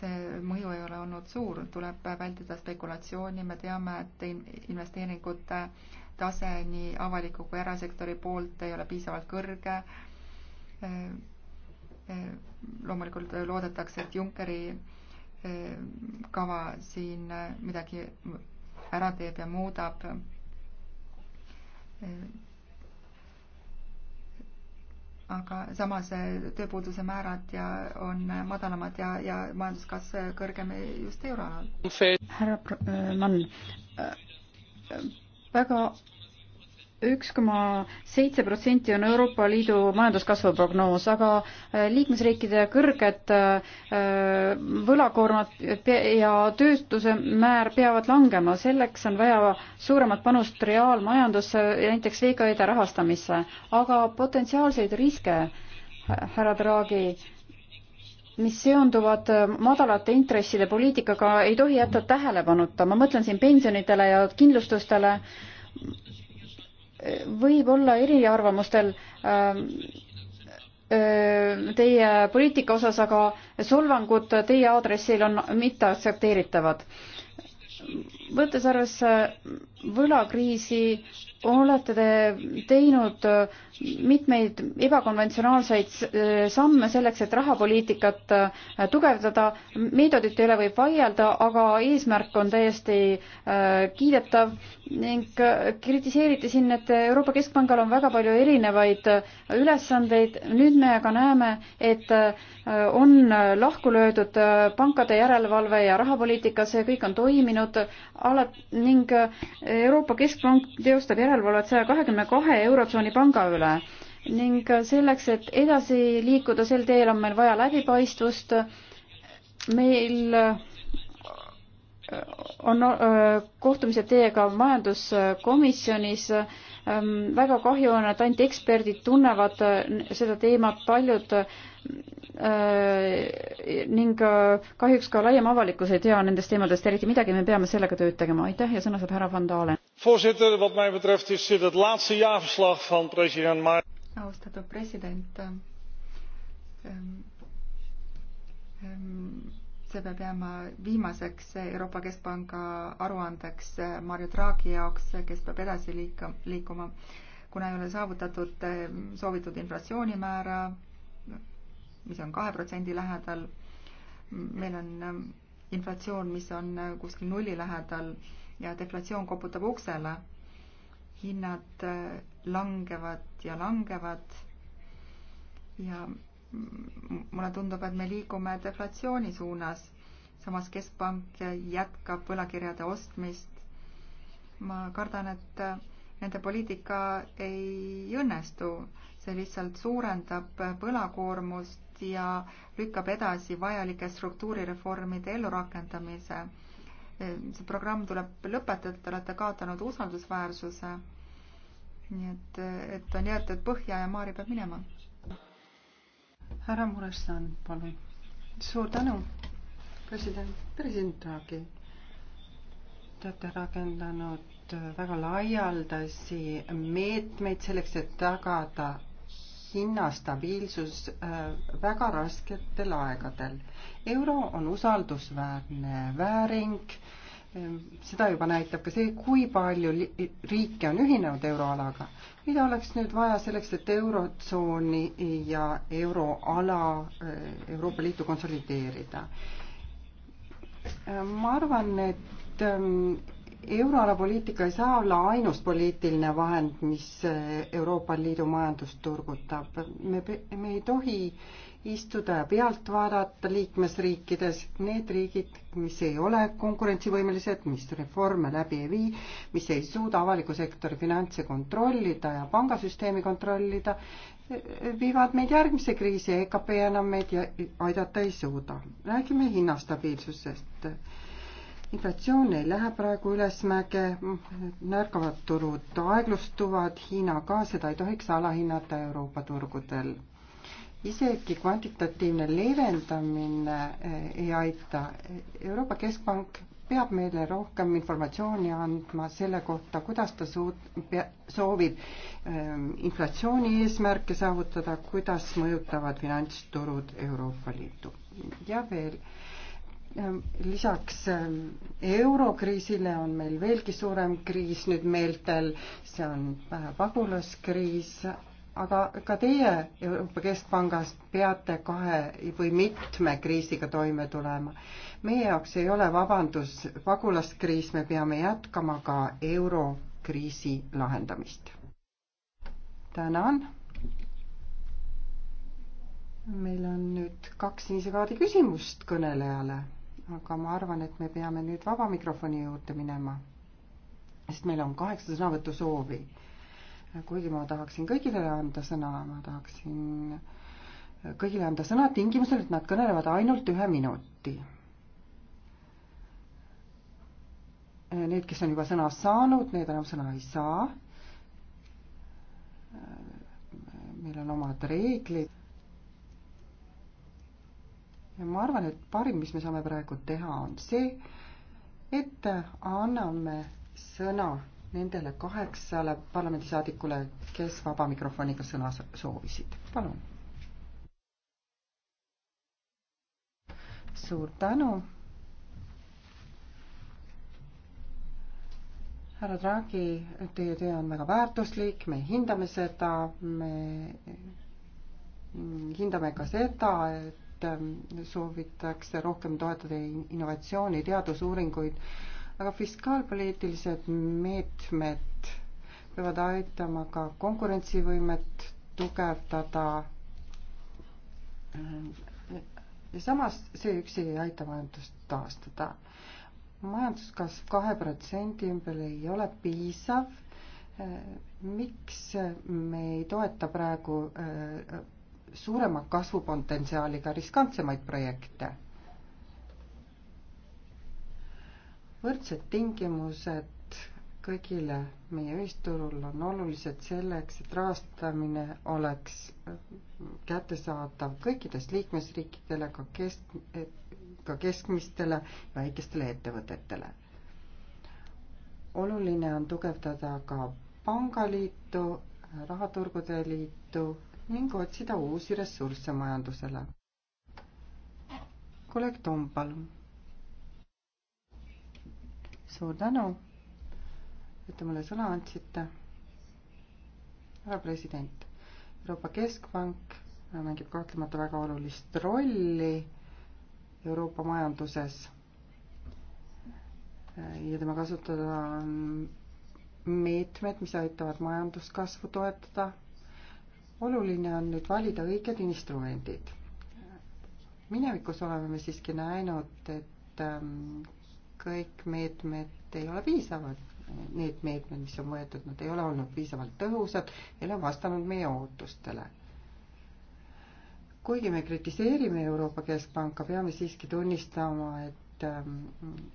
see mõju ei ole olnud suur, tuleb vältida spekulatsiooni, me teame, et investeeringute tase nii avaliku kui erasektori poolt ei ole piisavalt kõrge Äh, äh, loomulikult loodetakse, et Junckeri äh, kava siin midagi ära teeb ja muudab. aga samas tööpuuduse määrad ja on madalamad ja, ja majanduskasv kõrgem just euroalal. härra Mann, väga üks koma seitse protsenti on Euroopa Liidu majanduskasvu prognoos, aga äh, liikmesriikide kõrged äh, võlakoormad ja töötuse määr peavad langema, selleks on vaja suuremat panust reaalmajandusse ja näiteks VKE-de rahastamisse. aga potentsiaalseid riske, härra Draghi, mis seonduvad äh, madalate intresside poliitikaga, ei tohi jätta tähelepanuta, ma mõtlen siin pensionitele ja kindlustustele, võib olla eriarvamustel ähm, äh, teie poliitika osas, aga solvangud teie aadressil on mitteaktsepteeritavad. võttes arvesse võlakriisi, olete te teinud mitmeid ebakonventsionaalseid äh, samme selleks, et rahapoliitikat äh, tugevdada. meetodite üle võib vaielda, aga eesmärk on täiesti kiidetav ning äh, kritiseeriti siin, et Euroopa Keskpangal on väga palju erinevaid äh, ülesandeid, nüüd me aga näeme, et äh, on lahku löödud pankade järelevalve ja rahapoliitika, see kõik on toiminud ala- ning Euroopa Keskpank teostab järelevalvet saja kahekümne kahe Eurotsooni panga üle ning selleks, et edasi liikuda sel teel, on meil vaja läbipaistvust, meil on äh, kohtumised teiega majanduskomisjonis. Ähm, väga kahju on, et ainult eksperdid tunnevad äh, seda teemat, paljud äh, ning kahjuks ka laiem avalikkus ei tea nendest teemadest eriti midagi, me peame sellega tööd tegema. aitäh ja sõna saab härra Van Dalen. austatud president ähm,. Ähm, ähm see peab jääma viimaseks Euroopa Keskpanga aruandeks Mario Draghi jaoks, kes peab edasi liika, liikuma, kuna ei ole saavutatud ehm, soovitud inflatsioonimäära, mis on kahe protsendi lähedal. meil on ehm, inflatsioon, mis on kuskil nulli lähedal ja deflatsioon koputab uksele. hinnad ehm, langevad ja langevad ja mulle tundub, et me liigume deflatsiooni suunas. samas Keskpank jätkab võlakirjade ostmist. ma kardan, et nende poliitika ei õnnestu. see lihtsalt suurendab võlakoormust ja lükkab edasi vajalike struktuurireformide ellurakendamise. see programm tuleb lõpetada, te olete kaotanud usaldusväärsuse. nii et, et on jäetud põhja ja Maari peab minema härra Murestan, palun. suur tänu, president, president Draghi. Te olete rakendanud väga laialdasi meetmeid selleks, et tagada hinnastabiilsus äh, väga rasketel aegadel. euro on usaldusväärne vääring seda juba näitab ka see, kui palju riike on ühinenud euroalaga. mida oleks nüüd vaja selleks, et eurotsooni ja euroala äh, Euroopa Liitu konsolideerida? Äh, ma arvan, et ähm, euroala poliitika ei saa olla ainus poliitiline vahend, mis äh, Euroopa Liidu majandust turgutab. me, me ei tohi äh, istuda ja pealt vaadata liikmesriikides need riigid, mis ei ole konkurentsivõimelised, mis reforme läbi ei vii, mis ei suuda avaliku sektori finantse kontrollida ja pangasüsteemi kontrollida, viivad meid järgmise kriisi, EKP enam meid aidata ei suuda. räägime hinnastabiilsusest. inflatsioon ei lähe praegu ülesmäge, närkavad turud aeglustuvad, Hiina ka, seda ei tohiks alahinnata Euroopa turgudel isegi kvantitatiivne leevendamine eh, ei aita. Euroopa Keskpank peab meile rohkem informatsiooni andma selle kohta, kuidas ta suut-, soovib ähm, inflatsiooni eesmärke saavutada, kuidas mõjutavad finantsturud Euroopa Liitu. ja veel ähm,, lisaks ähm, eurokriisile on meil veelgi suurem kriis nüüd meeltel, see on pagulaskriis äh,, aga ka teie Euroopa Keskpangas peate kahe või mitme kriisiga toime tulema. meie jaoks ei ole vabandus pagulaskriis, me peame jätkama ka eurokriisi lahendamist. tänan. meil on nüüd kaks sinise kaardi küsimust kõnelejale, aga ma arvan, et me peame nüüd vaba mikrofoni juurde minema, sest meil on kaheksa sõnavõtusoovi kuigi ma tahaksin kõigile anda sõna, ma tahaksin kõigile anda sõna tingimusel, et nad kõnelevad ainult ühe minuti. Need, kes on juba sõna saanud, need enam sõna ei saa. meil on omad reeglid. ja ma arvan, et parim, mis me saame praegu teha, on see, et anname sõna nendele kaheksale parlamendisaadikule, kes vaba mikrofoniga sõna soovisid. palun. suur tänu. härra Draghi, teie töö on väga väärtuslik, me hindame seda, me hindame ka seda, et soovitakse rohkem toetada innovatsiooni, teadusuuringuid aga fiskaalpoliitilised meetmed peavad aitama ka konkurentsivõimet tugevdada. ja samas see üksi ei aita majandust taastada. majanduskasv kahe protsendi ümber ei ole piisav. miks me ei toeta praegu eh, suurema kasvupotentsiaaliga riskantsemaid projekte? võrdsed tingimused kõigile meie ühisturul on olulised selleks, et rahastamine oleks kättesaadav kõikides liikmesriikidele, ka kesk, ka keskmistele väikestele ettevõtetele. oluline on tugevdada ka pangaliitu, rahaturgude liitu ning otsida uusi ressursse majandusele. kolleeg Toom, palun suur tänu, et te mulle sõna andsite. härra president, Euroopa Keskpank mängib kahtlemata väga olulist rolli Euroopa majanduses ja tema kasutada on meetmed, mis aitavad majanduskasvu toetada. oluline on nüüd valida õiged instrumendid. minevikus oleme me siiski näinud, et ähm, kõik meetmed ei ole piisavad. Need meetmed, mis on võetud, nad ei ole olnud piisavalt tõhusad, ei ole vastanud meie ootustele. kuigi me kritiseerime Euroopa Keskpanka, peame siiski tunnistama, et, ähm,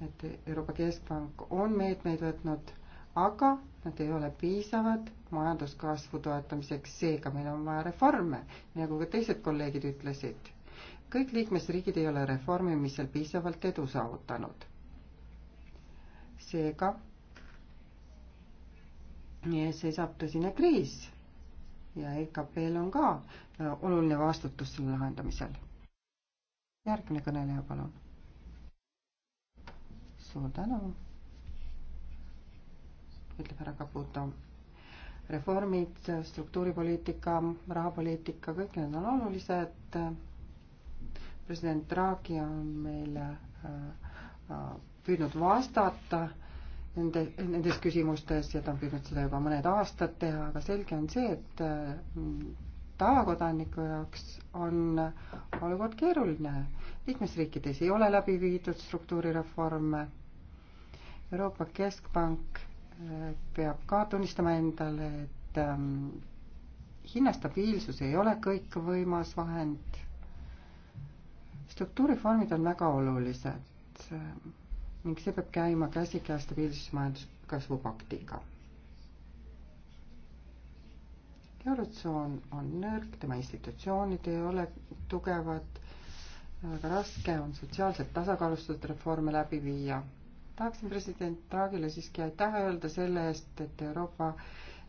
et Euroopa Keskpank on meetmeid võtnud, aga nad ei ole piisavad majanduskasvu toetamiseks, seega meil on vaja reforme, nagu ka teised kolleegid ütlesid kõik liikmesriigid ei ole reformimisel piisavalt edu saavutanud seega meie ees seisab tõsine kriis ja EKP-l on ka äh, oluline vastutus selle lahendamisel. järgmine kõneleja, palun. suur tänu, ütleb härra Caputo. reformid, struktuuripoliitika, rahapoliitika, kõik need on olulised. president Draghi on meile äh, äh, püüdnud vastata nende, nendes küsimustes ja ta on püüdnud seda juba mõned aastad teha, aga selge on see, et mm, tavakodaniku jaoks on olukord keeruline. liikmesriikides ei ole läbi viidud struktuurireforme. Euroopa Keskpank eh, peab ka tunnistama endale, et ähm, hinnastabiilsus ei ole kõikvõimas vahend. struktuurifondid on väga olulised ning see peab käima käsikäes stabiilsusmajanduskasvu paktiga. eurotsoon on nõrk, tema institutsioonid ei ole tugevad, väga raske on sotsiaalselt tasakaalustatud reforme läbi viia. tahaksin president Draghile siiski aitäh öelda selle eest, et Euroopa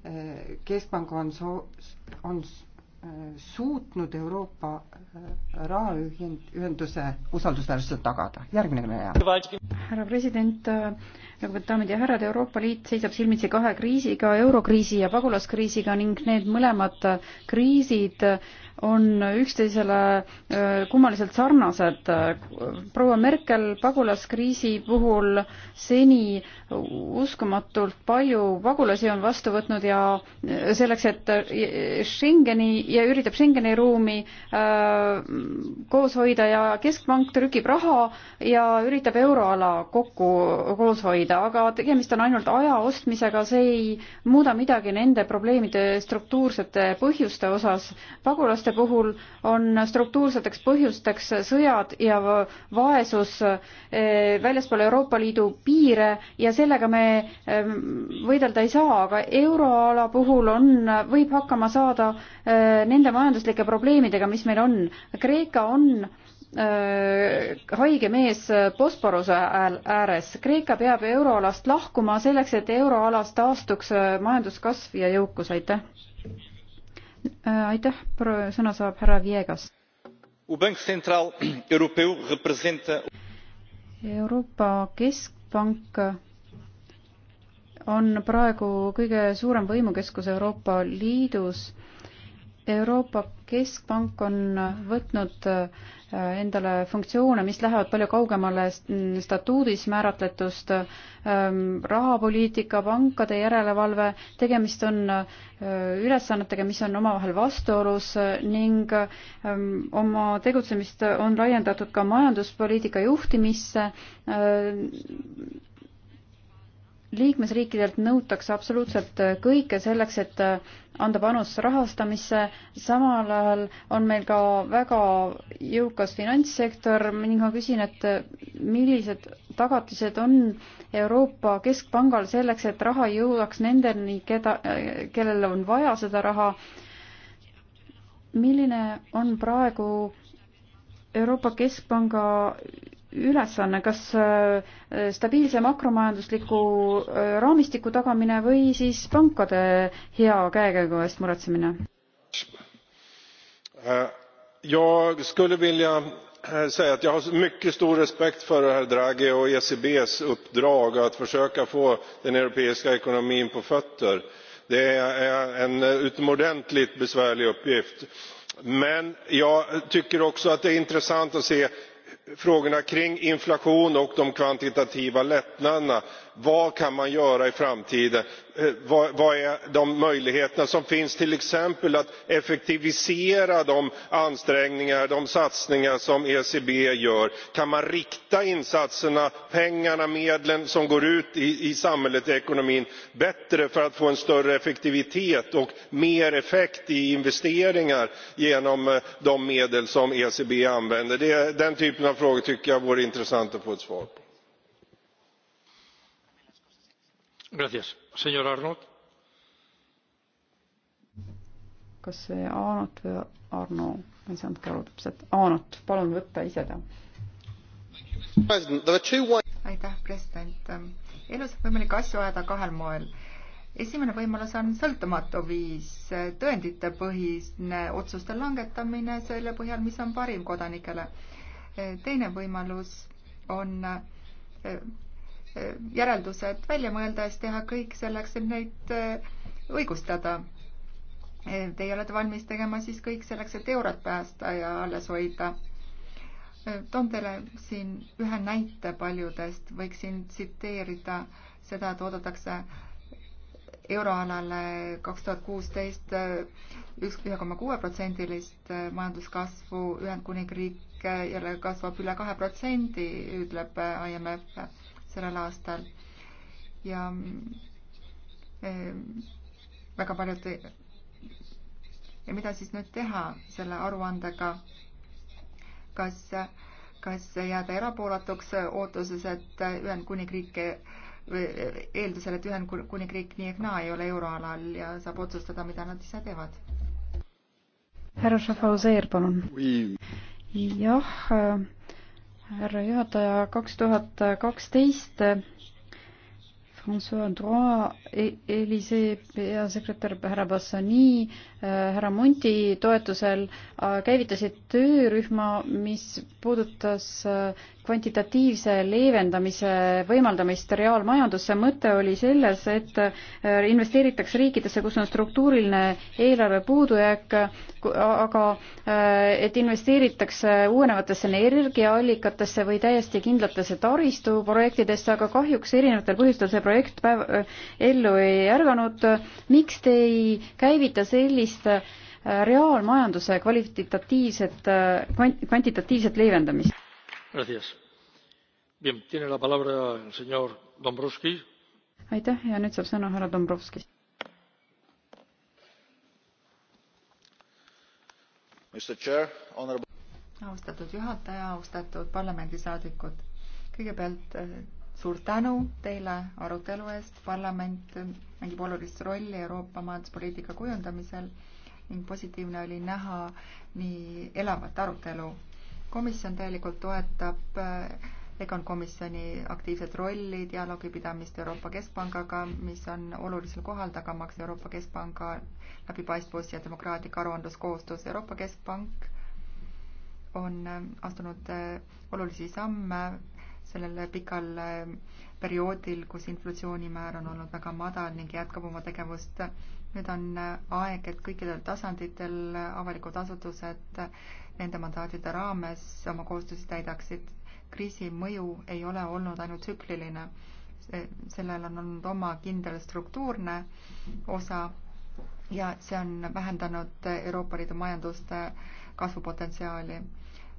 eh, Keskpank on soo-, on suutnud Euroopa äh, rahaühenduse usaldusväärsuse tagada. järgmine kõneleja. härra president, äh, lugupeetud daamid ja härrad, Euroopa Liit seisab silmitsi kahe kriisiga, eurokriisi ja pagulaskriisiga ning need mõlemad äh, kriisid äh, on üksteisele kummaliselt sarnased. proua Merkel pagulaskriisi puhul seni uskumatult palju pagulasi on vastu võtnud ja selleks, et Schengeni ja üritab Schengeni ruumi koos hoida ja keskpank trükib raha ja üritab euroala kokku koos hoida, aga tegemist on ainult aja ostmisega, see ei muuda midagi nende probleemide struktuursete põhjuste osas. pagulaste inimeste puhul on struktuurseteks põhjusteks sõjad ja vaesus eh, väljaspool Euroopa Liidu piire ja sellega me ehm, võidelda ei saa, aga euroala puhul on, võib hakkama saada eh, nende majanduslike probleemidega, mis meil on. Kreeka on eh, haige mees Bosporuse ääres. Kreeka peab euroalast lahkuma selleks, et euroalas taastuks majanduskasv ja jõukus, aitäh! Äh, aitäh, sõna saab härra Viegas. Euroopa Keskpank on praegu kõige suurem võimukeskus Euroopa Liidus Euroopa Keskpank on võtnud äh, endale funktsioone, mis lähevad palju kaugemale statuudis määratletust, ähm, rahapoliitika, pankade järelevalve, tegemist on äh, ülesannetega, mis on omavahel vastuolus äh, ning ähm, oma tegutsemist on laiendatud ka majanduspoliitika juhtimisse liikmesriikidelt nõutakse absoluutselt kõike selleks, et anda panus rahastamisse, samal ajal on meil ka väga jõukas finantssektor ning ma küsin, et millised tagatised on Euroopa Keskpangal selleks, et raha jõuaks nendeni, keda, kellel on vaja seda raha. milline on praegu Euroopa Keskpanga ülesanne, kas äh, stabiilse makromajandusliku äh, raamistiku tagamine või siis pankade hea käekäigu eest muretsemine? Äh, jag skulle vilja säga att jag har mycket stor respekt för herr Draghi och ECBs uppdrag att försöka få den europeiska ekonomin på fötter. Det är en utomordentligt besvärlig uppgift. Men jag tycker också att det är intressant att se frågorna kring inflation och de kvantitativa lättnaderna vad kan man göra i framtiden eh, vad är de möjligheter som finns till exempel att effektivisera de ansträngningar och satsningar som ecb gör kan man rikta insatserna pengarna medlen som går ut i samhället och ekonomin bättre för att få en större effektivitet och mer effekt i investeringar genom eh, de medel som ecb använder den typen av frågor tycker jag vore intressant att få ett svar på kas see Aanot või Arno, ma ei saanudki aru täpselt. Aanot, palun võtta ise ta. aitäh, president. elus on võimalik asju ajada kahel moel esimene võimalus on sõltumatu viis, tõenditepõhine otsuste langetamine selle põhjal, mis on parim kodanikele. teine võimalus on järeldused välja mõelda ja siis teha kõik selleks, et neid äh, õigustada. Äh, teie olete valmis tegema siis kõik selleks, et eurot päästa ja alles hoida. Äh, toon teile siin ühe näite paljudest, võiksin tsiteerida seda, et oodatakse euroalale kaks tuhat kuusteist üks, ühe koma kuue protsendilist majanduskasvu, Ühendkuningriik jälle kasvab üle kahe protsendi, ütleb IMF sellel aastal ja eh, väga paljud ja mida siis nüüd teha selle aruandega, kas, kas jääda erapoolatuks ootuses, et Ühendkuningriik e, eeldusel, et Ühendkuningriik nii ehk naa ei ole euroalal ja saab otsustada, mida nad ise teevad. härra Schaffhauser, palun. jah härra juhataja, kaks tuhat kaksteist François Droit, e-, Elisee peasekretär härra Bassani, äh, härra Monti toetusel äh, käivitasid töörühma, mis puudutas äh, kvantitatiivse leevendamise võimaldamist reaalmajandusse. mõte oli selles, et äh, investeeritakse riikidesse, kus on struktuuriline eelarve puudujääk, aga äh, et investeeritakse uuenevatesse energiaallikatesse või täiesti kindlatesse taristuprojektidesse, aga kahjuks erinevatel põhjustel see projekt päev, äh, ellu ei ärganud. miks te ei käivita sellist reaalmajanduse kvalitatiivset, kvantitatiivset leevendamist? aitäh ja nüüd saab sõna härra dombrovskis. austatud juhataja austatud parlamendisaadikud kõigepealt eh, suur tänu teile arutelu eest parlament eh, mängib olulist rolli euroopa majanduspoliitika kujundamisel ning positiivne oli näha nii elavat arutelu komisjon täielikult toetab äh, EGON komisjoni aktiivset rolli dialoogi pidamist Euroopa Keskpangaga, mis on olulisel kohal tagamaks Euroopa Keskpanga läbipaistvus ja demokraatlik aruandluskohustus. Euroopa Keskpank on äh, astunud äh, olulisi samme sellel pikal perioodil, kus inflatsioonimäär on olnud väga madal ning jätkab oma tegevust. nüüd on aeg, et kõikidel tasanditel avalikud asutused nende mandaatide raames oma kohustusi täidaksid. kriisi mõju ei ole olnud ainult tsükliline, sellel on olnud oma kindel struktuurne osa ja see on vähendanud Euroopa Liidu majanduste kasvupotentsiaali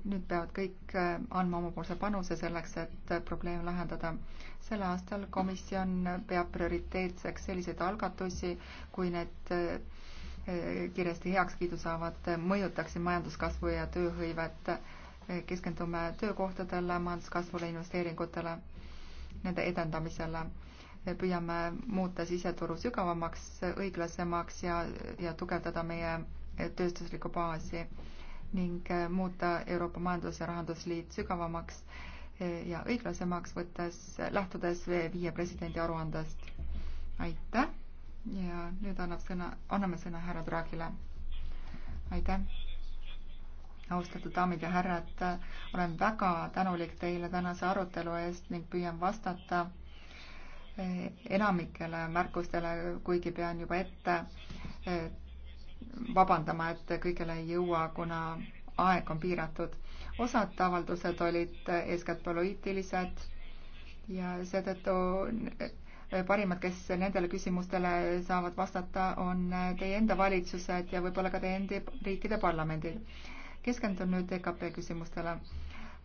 nüüd peavad kõik äh, andma omapoolse panuse selleks, et äh, probleem lahendada. sel aastal komisjon peab prioriteetseks selliseid algatusi, kui need äh, kiiresti heakskiidu saavad, mõjutaksid majanduskasvu ja tööhõivet. keskendume töökohtadele, majanduskasvule, investeeringutele, nende edendamisele. püüame muuta siseturu sügavamaks, õiglasemaks ja, ja tugevdada meie tööstuslikku baasi ning äh, muuta Euroopa Majandus- ja Rahandusliit sügavamaks äh, ja õiglasemaks, võttes, äh, lähtudes viie presidendi aruandest. aitäh ja nüüd annab sõna, anname sõna härra Draagile. aitäh. austatud daamid ja härrad, olen väga tänulik teile tänase arutelu eest ning püüan vastata enamikele märkustele, kuigi pean juba ette vabandama, et kõigele ei jõua, kuna aeg on piiratud. osad avaldused olid eeskätt poliitilised ja seetõttu parimad, kes nendele küsimustele saavad vastata, on teie enda valitsused ja võib-olla ka teie endi riikide parlamendid. keskendun nüüd EKP küsimustele.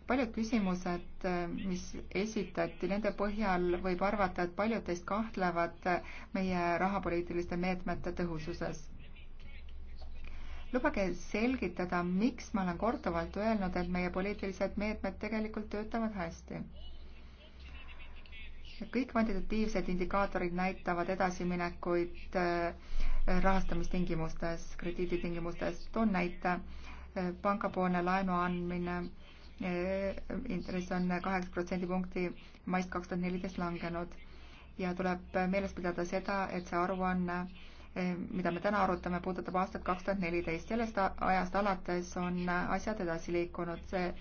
paljud küsimused, mis esitati, nende põhjal võib arvata, et paljud teist kahtlevad meie rahapoliitiliste meetmete tõhususes lubage selgitada, miks ma olen korduvalt öelnud, et meie poliitilised meetmed tegelikult töötavad hästi. kõik kvantitatiivsed indikaatorid näitavad edasiminekuid äh, rahastamistingimustes, krediiditingimustes. toon näite, äh, pangapoolne laenu andmine äh, intress on kaheksa protsendipunkti maist kaks tuhat neliteist langenud ja tuleb meeles pidada seda, et see aruanne mida me täna arutame, puudutab aastat kaks tuhat neliteist. sellest ajast alates on asjad edasi liikunud, see,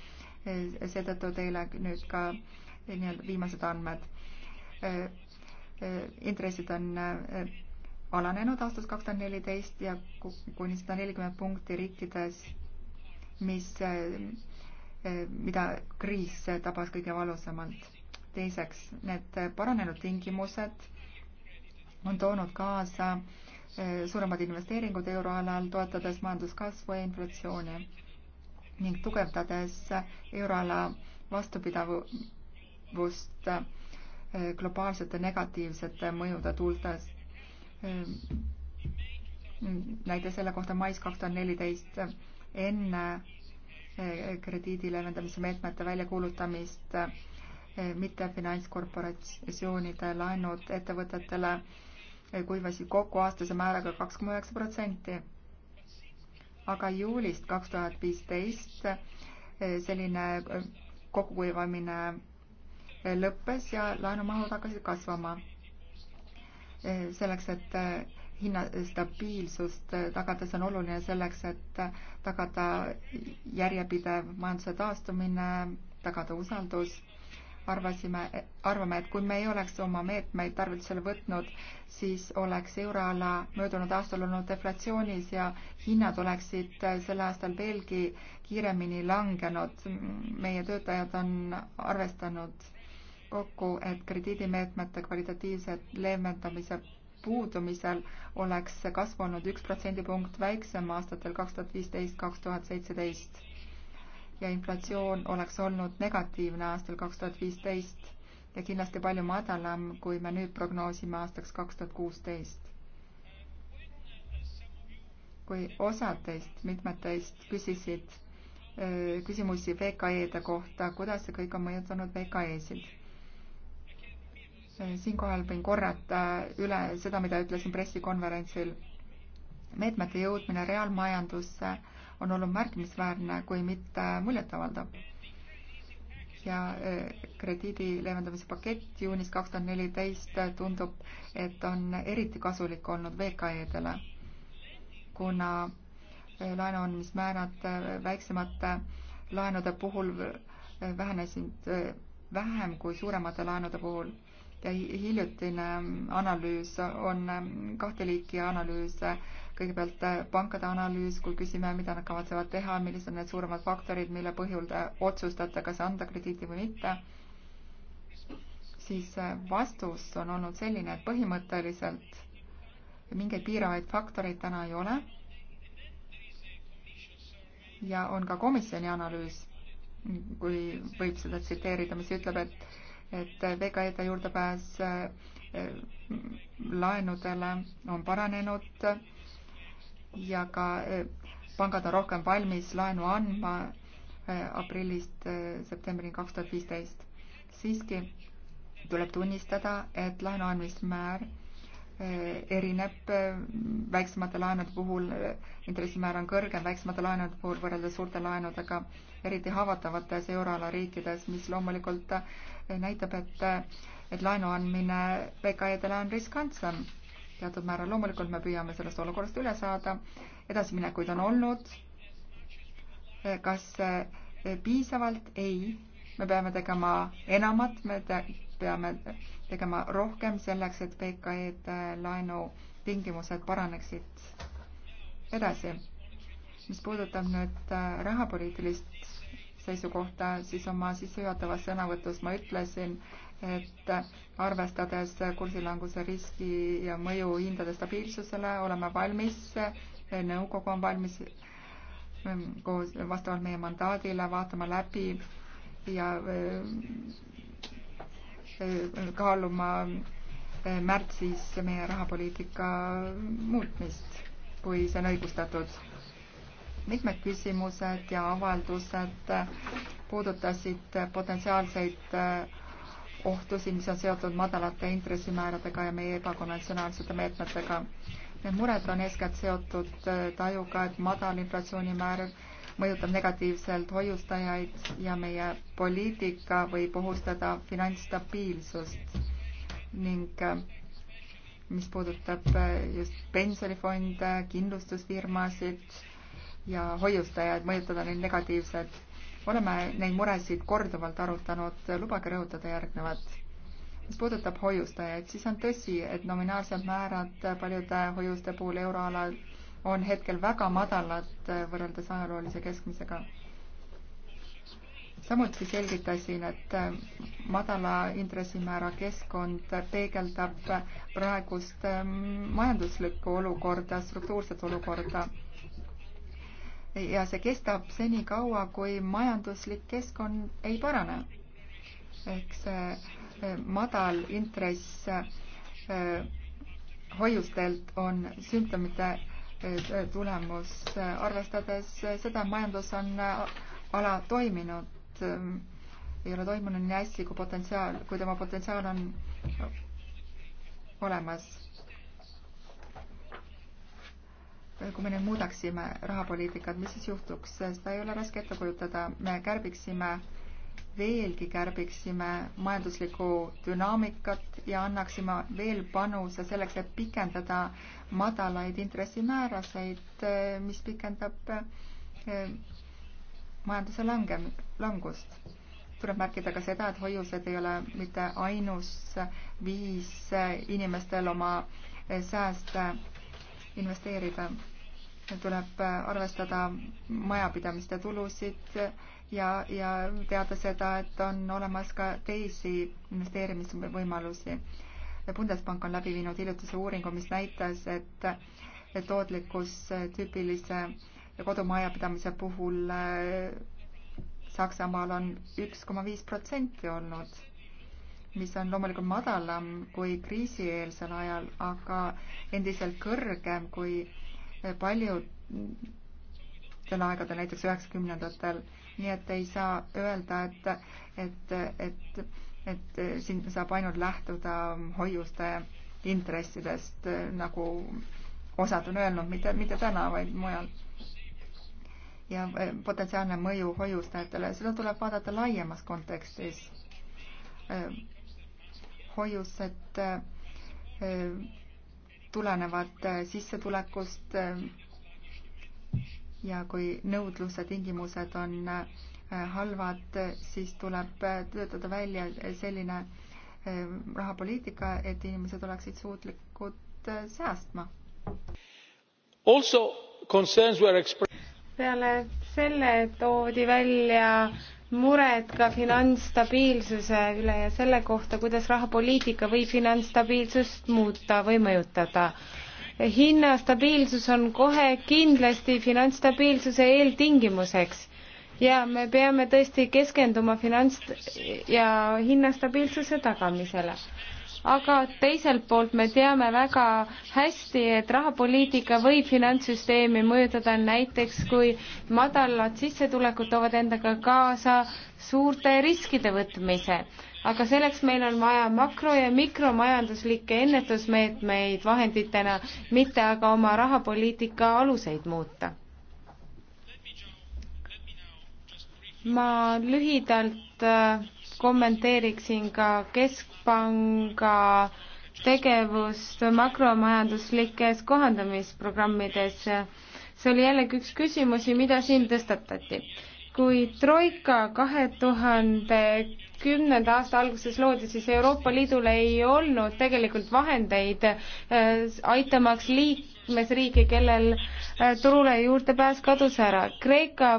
seetõttu teile nüüd ka nii-öelda viimased andmed. intressid on alanenud aastast kaks tuhat neliteist ja kuni sada nelikümmend punkti riikides, mis, mida kriis tabas kõige valusamalt. teiseks, need paranenud tingimused on toonud kaasa äh, suuremad investeeringud euroalal, toetades majanduskasvu ja inflatsiooni ning tugevdades euroala vastupidavust eh, globaalsete negatiivsete mõjude tuultes. Eh, näide selle kohta mais kaks tuhat neliteist enne eh, krediidi leevendamise meetmete väljakuulutamist mittefinantskorporatsioonide laenud ettevõtetele kuivasid kokku aastase määraga kakskümmend üheksa protsenti. aga juulist kaks tuhat viisteist eh, selline eh, kokkukuivamine eh, lõppes ja laenumahud hakkasid kasvama. selleks, et hinna stabiilsust tagada, see on oluline selleks, et tagada järjepidev majanduse taastumine, tagada usaldus arvasime, arvame, et kui me ei oleks oma meetmeid tarvitusele võtnud, siis oleks euroala möödunud aastal olnud deflatsioonis ja hinnad oleksid sel aastal veelgi kiiremini langenud. meie töötajad on arvestanud kokku, et krediidimeetmete kvalitatiivse leevendamise puudumisel oleks kasvanud üks protsendipunkt väiksem aastatel kaks tuhat viisteist, kaks tuhat seitseteist ja inflatsioon oleks olnud negatiivne aastal kaks tuhat viisteist ja kindlasti palju madalam, kui me nüüd prognoosime aastaks kaks tuhat kuusteist. kui osad teist, mitmed teist küsisid küsimusi VKE-de kohta, kuidas see kõik on mõjutanud VKE-sid siinkohal võin korrata üle seda, mida ütlesin pressikonverentsil. meetmete jõudmine reaalmajandusse on olnud märkimisväärne, kui mitte muljetavaldav. ja äh, krediidi leevendamise pakett juunis kaks tuhat neliteist tundub, et on eriti kasulik olnud VKE-dele, kuna äh, laenu andmismäärad äh, väiksemate laenude puhul vähenesid vähem kui suuremate laenude puhul ja hiljutine ähm, analüüs on ähm, kahte liiki analüüse kõigepealt äh, pankade analüüs, kui küsime, mida nad kavatsevad teha, millised on need suuremad faktorid, mille põhjul te otsustate, kas anda krediiti või mitte, siis äh, vastus on olnud selline, et põhimõtteliselt mingeid piiravaid faktoreid täna ei ole. ja on ka komisjoni analüüs, kui võib seda tsiteerida, mis ütleb, et, et VKE-de juurdepääs äh, laenudele on paranenud ja ka eh, pangad on rohkem valmis laenu andma eh, aprillist eh, septembrini kaks tuhat viisteist. siiski tuleb tunnistada, et laenu andmismäär erineb väiksemate laenude puhul, intressimäär on kõrgem väiksemate laenude puhul võrreldes suurte laenudega, eriti haavatavates euroala riikides, mis loomulikult näitab, et, et laenu andmine VKE-dele on riskantsem teatud määral. loomulikult me püüame sellest olukorrast üle saada, edasiminekuid on olnud. kas eh, piisavalt? ei, me peame tegema enamat, me te peame tegema rohkem selleks, et VKE-d eh, laenutingimused paraneksid edasi. mis puudutab nüüd eh, rahapoliitilist seisukohta, siis oma sissejuhatavas sõnavõtus ma ütlesin, et arvestades kursilanguse riski ja mõju hindade stabiilsusele, oleme valmis, nõukogu on valmis ähm, koos, vastavalt meie mandaadile vaatama läbi ja äh, kaaluma äh, märtsis meie rahapoliitika muutmist, kui see on õigustatud mitmed küsimused ja avaldused äh, puudutasid potentsiaalseid ohtusid, mis on seotud madalate intressimääradega ja meie ebakonventsionaalsete meetmetega. Need mured on eeskätt seotud äh, tajuga, et madal inflatsioonimäär mõjutab negatiivselt hoiustajaid ja meie poliitika võib ohustada finantsstabiilsust ning äh, mis puudutab äh, just pensionifonde, kindlustusfirmasid ja hoiustajaid, mõjutada neid negatiivselt oleme neid muresid korduvalt arutanud, lubage rõhutada järgnevat. mis puudutab hoiustajaid, siis on tõsi, et nominaalsed määrad paljude hoiuste puhul euroalal on hetkel väga madalad võrreldes ajaloolise keskmisega. samuti selgitasin, et madala intressimäära keskkond peegeldab praegust majanduslikku olukorda, struktuurset olukorda ja see kestab senikaua, kui majanduslik keskkond ei parane. ehk see eh, madal intress eh, hoiustelt on sümptomite eh, tulemus, arvestades seda, et majandus on alatoiminud, ei ole toimunud nii hästi, kui potentsiaal, kui tema potentsiaal on olemas Äh, kui me nüüd muudaksime rahapoliitikat, mis siis juhtuks, seda ei ole raske ette kujutada, me kärbiksime veelgi kärbiksime majanduslikku dünaamikat ja annaksime veel panuse selleks, et pikendada madalaid intressimääraseid, äh, mis pikendab äh, majanduse lange, langust. tuleb märkida ka seda, et hoiused ei ole mitte ainus viis inimestel oma sääste investeerida. tuleb äh, arvestada majapidamiste tulusid ja, ja teada seda, et on olemas ka teisi investeerimisvõimalusi. Bundespank on läbi viinud hiljutise uuringu, mis näitas, et tootlikkus tüüpilise kodumajapidamise puhul äh, Saksamaal on üks koma viis protsenti olnud mis on loomulikult madalam kui kriisieelsel ajal, aga endiselt kõrgem kui eh, paljudel aegadel, näiteks üheksakümnendatel. nii et ei saa öelda, et, et, et, et siin saab ainult lähtuda hoiuste intressidest, nagu osad on öelnud, mitte, mitte täna, vaid mujal ja eh, potentsiaalne mõju hoiustajatele, seda tuleb vaadata laiemas kontekstis eh, hoiused eh, tulenevad eh, sissetulekust eh, ja kui nõudluse tingimused on halvad, siis tuleb töötada välja selline rahapoliitika, et inimesed oleksid suutlikud säästma. peale selle toodi välja mured ka finantsstabiilsuse üle ja selle kohta, kuidas rahapoliitika võib finantsstabiilsust muuta või mõjutada. hinnastabiilsus on kohe kindlasti finantsstabiilsuse eeltingimuseks ja me peame tõesti keskenduma finants- ja hinnastabiilsuse tagamisele aga teiselt poolt me teame väga hästi, et rahapoliitika võib finantssüsteemi mõjutada näiteks, kui madalad sissetulekud toovad endaga kaasa suurte riskide võtmise. aga selleks meil on vaja makro- ja mikromajanduslikke ennetusmeetmeid vahenditena, mitte aga oma rahapoliitika aluseid muuta. ma lühidalt äh, kommenteeriksin ka Keskpanga tegevust makromajanduslikes kohandamisprogrammides. see oli jällegi üks küsimusi, mida siin tõstatati. kui Troika kahe tuhande kümnenda aasta alguses loodi, siis Euroopa Liidul ei olnud tegelikult vahendeid eh, aitamaks liik-, liikmesriiki, kellel äh, turule juurdepääs kadus ära. Kreeka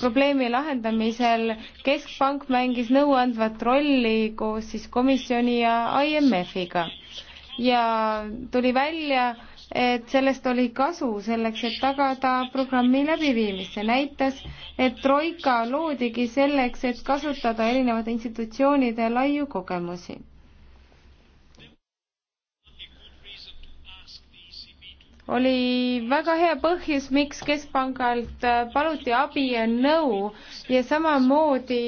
probleemi lahendamisel Keskpank mängis nõuandvat rolli koos siis komisjoni ja IMF-iga ja tuli välja, et sellest oli kasu selleks, et tagada programmi läbiviimist. see näitas, et Troika loodigi selleks, et kasutada erinevate institutsioonide laiu kogemusi oli väga hea põhjus, miks Keskpangalt äh, paluti abi ja nõu ja samamoodi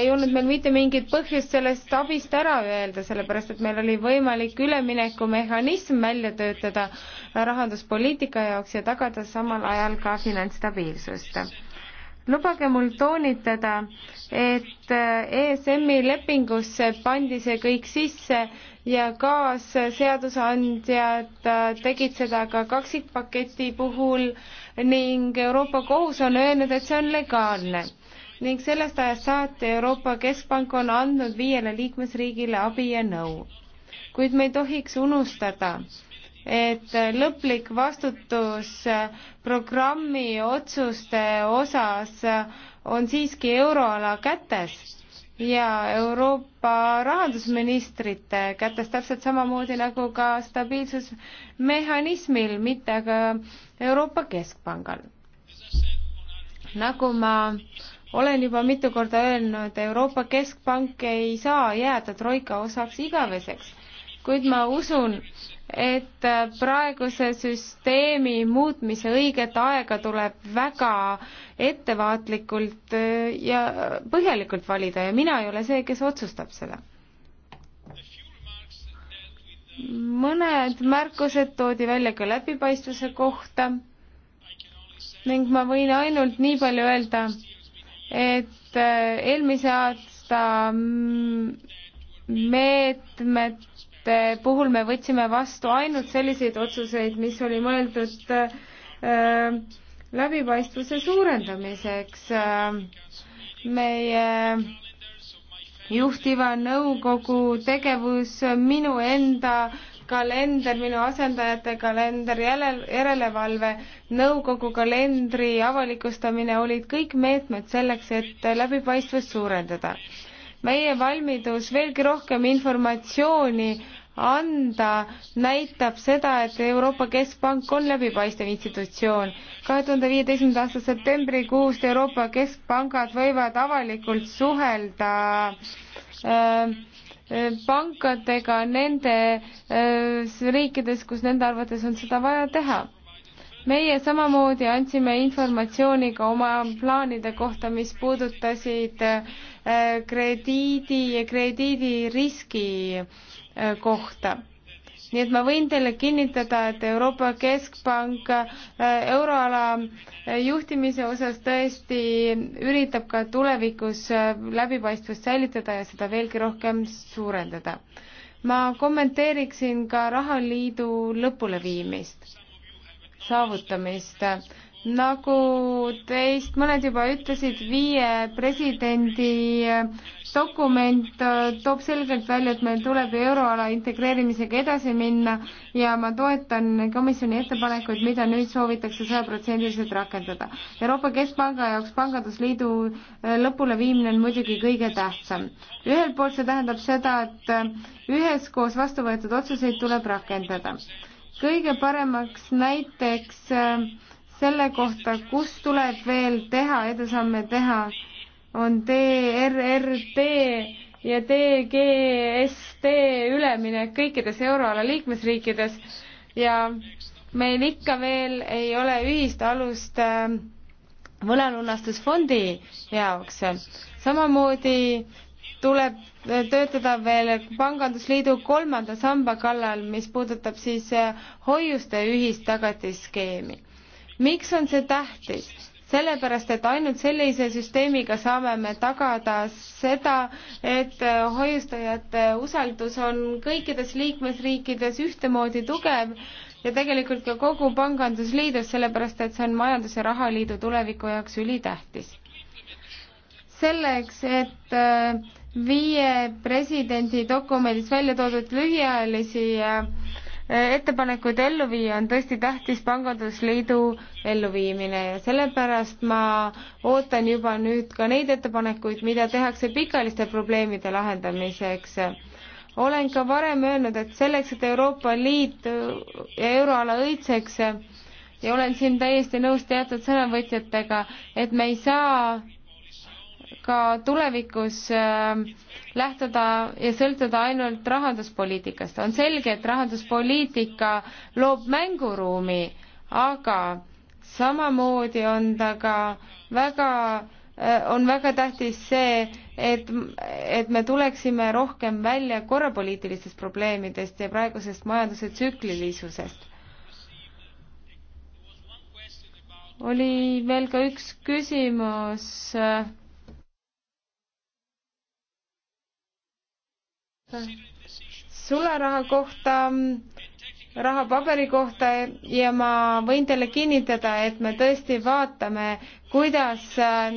ei olnud meil mitte mingit põhjust sellest abist ära öelda, sellepärast et meil oli võimalik üleminekumehhanism välja töötada rahanduspoliitika jaoks ja tagada samal ajal ka finantsstabiilsust lubage mul toonitada, et äh, ESM-i lepingusse pandi see kõik sisse ja kaasseadusandjad äh, tegid seda ka kaksikpaketi puhul ning Euroopa Kohus on öelnud, et see on legaalne ning sellest ajast saati Euroopa Keskpank on andnud viiele liikmesriigile abi ja nõu. kuid me ei tohiks unustada, et lõplik vastutus programmi otsuste osas on siiski euroala kätes ja Euroopa rahandusministrite kätes täpselt samamoodi nagu ka stabiilsusmehhanismil, mitte aga Euroopa Keskpangal. nagu ma olen juba mitu korda öelnud, Euroopa Keskpank ei saa jääda troika osaks igaveseks, kuid ma usun, et äh, praeguse süsteemi muutmise õiget aega tuleb väga ettevaatlikult äh, ja põhjalikult valida ja mina ei ole see, kes otsustab seda. mõned märkused toodi välja ka läbipaistvuse kohta ning ma võin ainult nii palju öelda, et äh, eelmise aasta meetmed otsuste puhul me võtsime vastu ainult selliseid otsuseid, mis oli mõeldud äh, läbipaistvuse suurendamiseks äh,. meie äh, juhtiva nõukogu tegevus, minu enda kalender, minu asendajate kalender, järel, järelevalve, nõukogu kalendri avalikustamine olid kõik meetmed selleks, et läbipaistvust suurendada. meie valmidus veelgi rohkem informatsiooni anda, näitab seda, et Euroopa Keskpank on läbipaistev institutsioon. kahe tuhande viieteistkümnenda aasta septembrikuust Euroopa Keskpangad võivad avalikult suhelda ähm, äh, pankadega nende äh, riikides, kus nende arvates on seda vaja teha meie samamoodi andsime informatsiooni ka oma plaanide kohta, mis puudutasid äh, krediidi ja krediidiriski äh, Äh, kohta nii et ma võin teile kinnitada, et Euroopa Keskpank äh, euroala äh, juhtimise osas tõesti üritab ka tulevikus läbipaistvust säilitada ja seda veelgi rohkem suurendada. ma kommenteeriksin ka rahaliidu lõpuleviimist, saavutamist nagu teist mõned juba ütlesid, viie presidendi äh, dokument äh, toob selgelt välja, et meil tuleb euroala integreerimisega edasi minna ja ma toetan komisjoni ettepanekuid, mida nüüd soovitakse sajaprotsendiliselt rakendada. Euroopa Keskpanga jaoks Pangandusliidu äh, lõpuleviimine on muidugi kõige tähtsam. ühelt poolt see tähendab seda, et üheskoos vastu võetud otsuseid tuleb rakendada. kõige paremaks näiteks äh, selle kohta, kus tuleb veel teha, edusamme teha, on DRRT ja DGST üleminek kõikides euroala liikmesriikides ja meil ikka veel ei ole ühist alust ähm, võlalunastusfondi jaoks. samamoodi tuleb äh, töötada veel Pangandusliidu kolmanda samba kallal, mis puudutab siis äh, hoiuste ühistagatisskeemi miks on see tähtis? sellepärast, et ainult sellise süsteemiga saame me tagada seda, et äh, hoiustajate usaldus on kõikides liikmesriikides ühtemoodi tugev ja tegelikult ka kogu Pangandusliidus, sellepärast et see on Majandus- ja Rahaliidu tuleviku jaoks ülitähtis. selleks, et äh, viie presidendi dokumendis välja toodud lühiajalisi äh, ettepanekuid ellu viia, on tõesti tähtis Pangandusliidu elluviimine ja sellepärast ma ootan juba nüüd ka neid ettepanekuid, mida tehakse pikaajaliste probleemide lahendamiseks. olen ka varem öelnud, et selleks, et Euroopa Liit ja euroala õitseks ja olen siin täiesti nõus teatud sõnavõtjatega, et me ei saa ka tulevikus ähm, lähtuda ja sõltuda ainult rahanduspoliitikast. on selge, et rahanduspoliitika loob mänguruumi, aga samamoodi on ta ka väga, äh, on väga tähtis see, et, et me tuleksime rohkem välja korrapoliitilistest probleemidest ja praegusest majanduse tsüklilisusest. oli veel ka üks küsimus äh, sularaha kohta, rahapaberi kohta ja ma võin teile kinnitada, et me tõesti vaatame, kuidas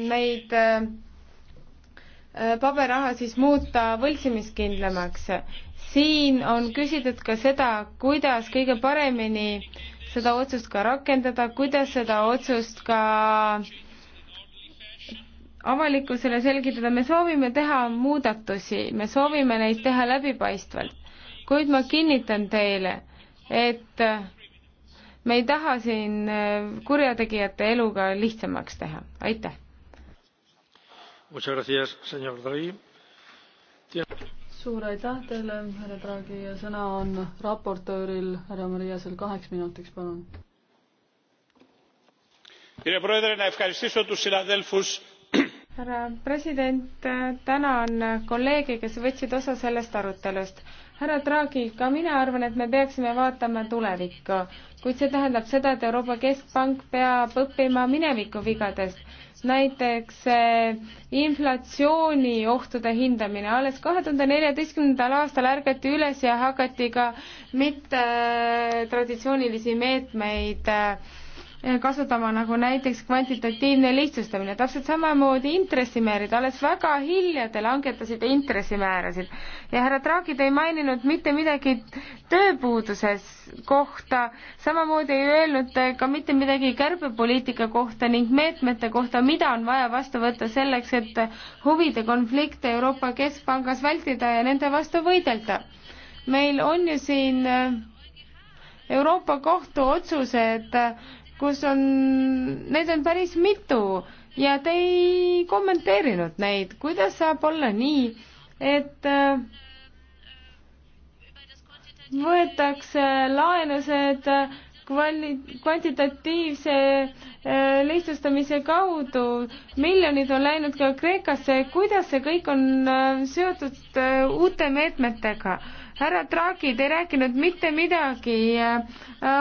neid äh, paberraha siis muuta võltsimiskindlamaks. siin on küsitud ka seda, kuidas kõige paremini seda otsust ka rakendada, kuidas seda otsust ka äh, avalikkusele selgitada, me soovime teha muudatusi, me soovime neid teha läbipaistvalt, kuid ma kinnitan teile, et me ei taha siin äh, kurjategijate eluga lihtsamaks teha, aitäh. suur aitäh teile, härra Draghi ja sõna on raportööril härra Mariasel kaheks minutiks, palun härra president, tänan kolleege, kes võtsid osa sellest arutelust. härra Draghi, ka mina arvan, et me peaksime vaatama tulevikku, kuid see tähendab seda, et Euroopa Keskpank peab õppima mineviku vigadest. näiteks eh, inflatsiooniohtude hindamine, alles kahe tuhande neljateistkümnendal aastal ärgati üles ja hakati ka mitte eh, traditsioonilisi meetmeid äh, Eh, kasutama, nagu näiteks kvantitatiivne lihtsustamine, täpselt samamoodi intressimäärid, alles väga hilja te langetasite intressimäärasid ja härra Draghi, te ei maininud mitte midagi tööpuuduses kohta, samamoodi ei öelnud te ka mitte midagi kärbepoliitika kohta ning meetmete kohta, mida on vaja vastu võtta selleks, et huvide konflikte Euroopa Keskpangas vältida ja nende vastu võidelda. meil on ju siin eh, Euroopa Kohtu otsused, kus on, neid on päris mitu ja te ei kommenteerinud neid, kuidas saab olla nii, et äh, võetakse laenused äh, kvali-, kvantitatiivse äh, lihtsustamise kaudu, miljonid on läinud ka Kreekasse, kuidas see kõik on seotud uute meetmetega? härra Draghi, te ei rääkinud mitte midagi äh,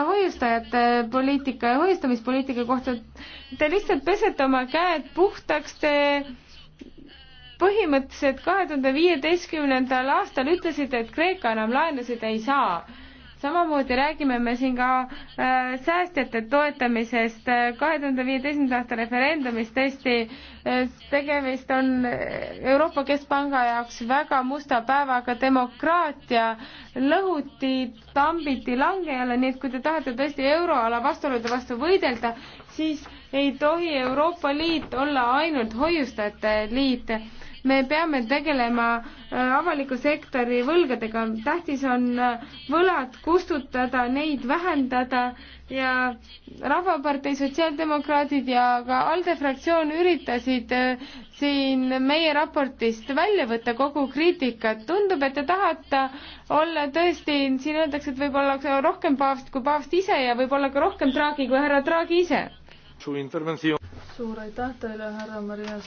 hoiustajate poliitika ja hoiustamispoliitika kohta. Te lihtsalt pesete oma käed puhtaks, te põhimõtteliselt kahe tuhande viieteistkümnendal aastal ütlesite, et Kreeka enam laenusid ei saa samamoodi räägime me siin ka äh, säästjate toetamisest, kahe tuhande viieteistkümnenda aasta referendumist tõesti äh, tegemist on äh, Euroopa Keskpanga jaoks väga musta päevaga, demokraatia lõhuti, tambiti langejale, nii et kui te tahate tõesti euroala vastuolude vastu võidelda, siis ei tohi Euroopa Liit olla ainult hoiustajate liit me peame tegelema äh, avaliku sektori võlgadega, tähtis on äh, võlad kustutada, neid vähendada ja Rahvapartei Sotsiaaldemokraadid ja ka ALDE fraktsioon üritasid äh, siin meie raportist välja võtta kogu kriitikat. tundub, et te tahate olla tõesti, siin öeldakse, et võib-olla rohkem paavst kui paavst ise ja võib-olla ka rohkem Draghi kui härra Draghi ise. suur aitäh teile, härra Marias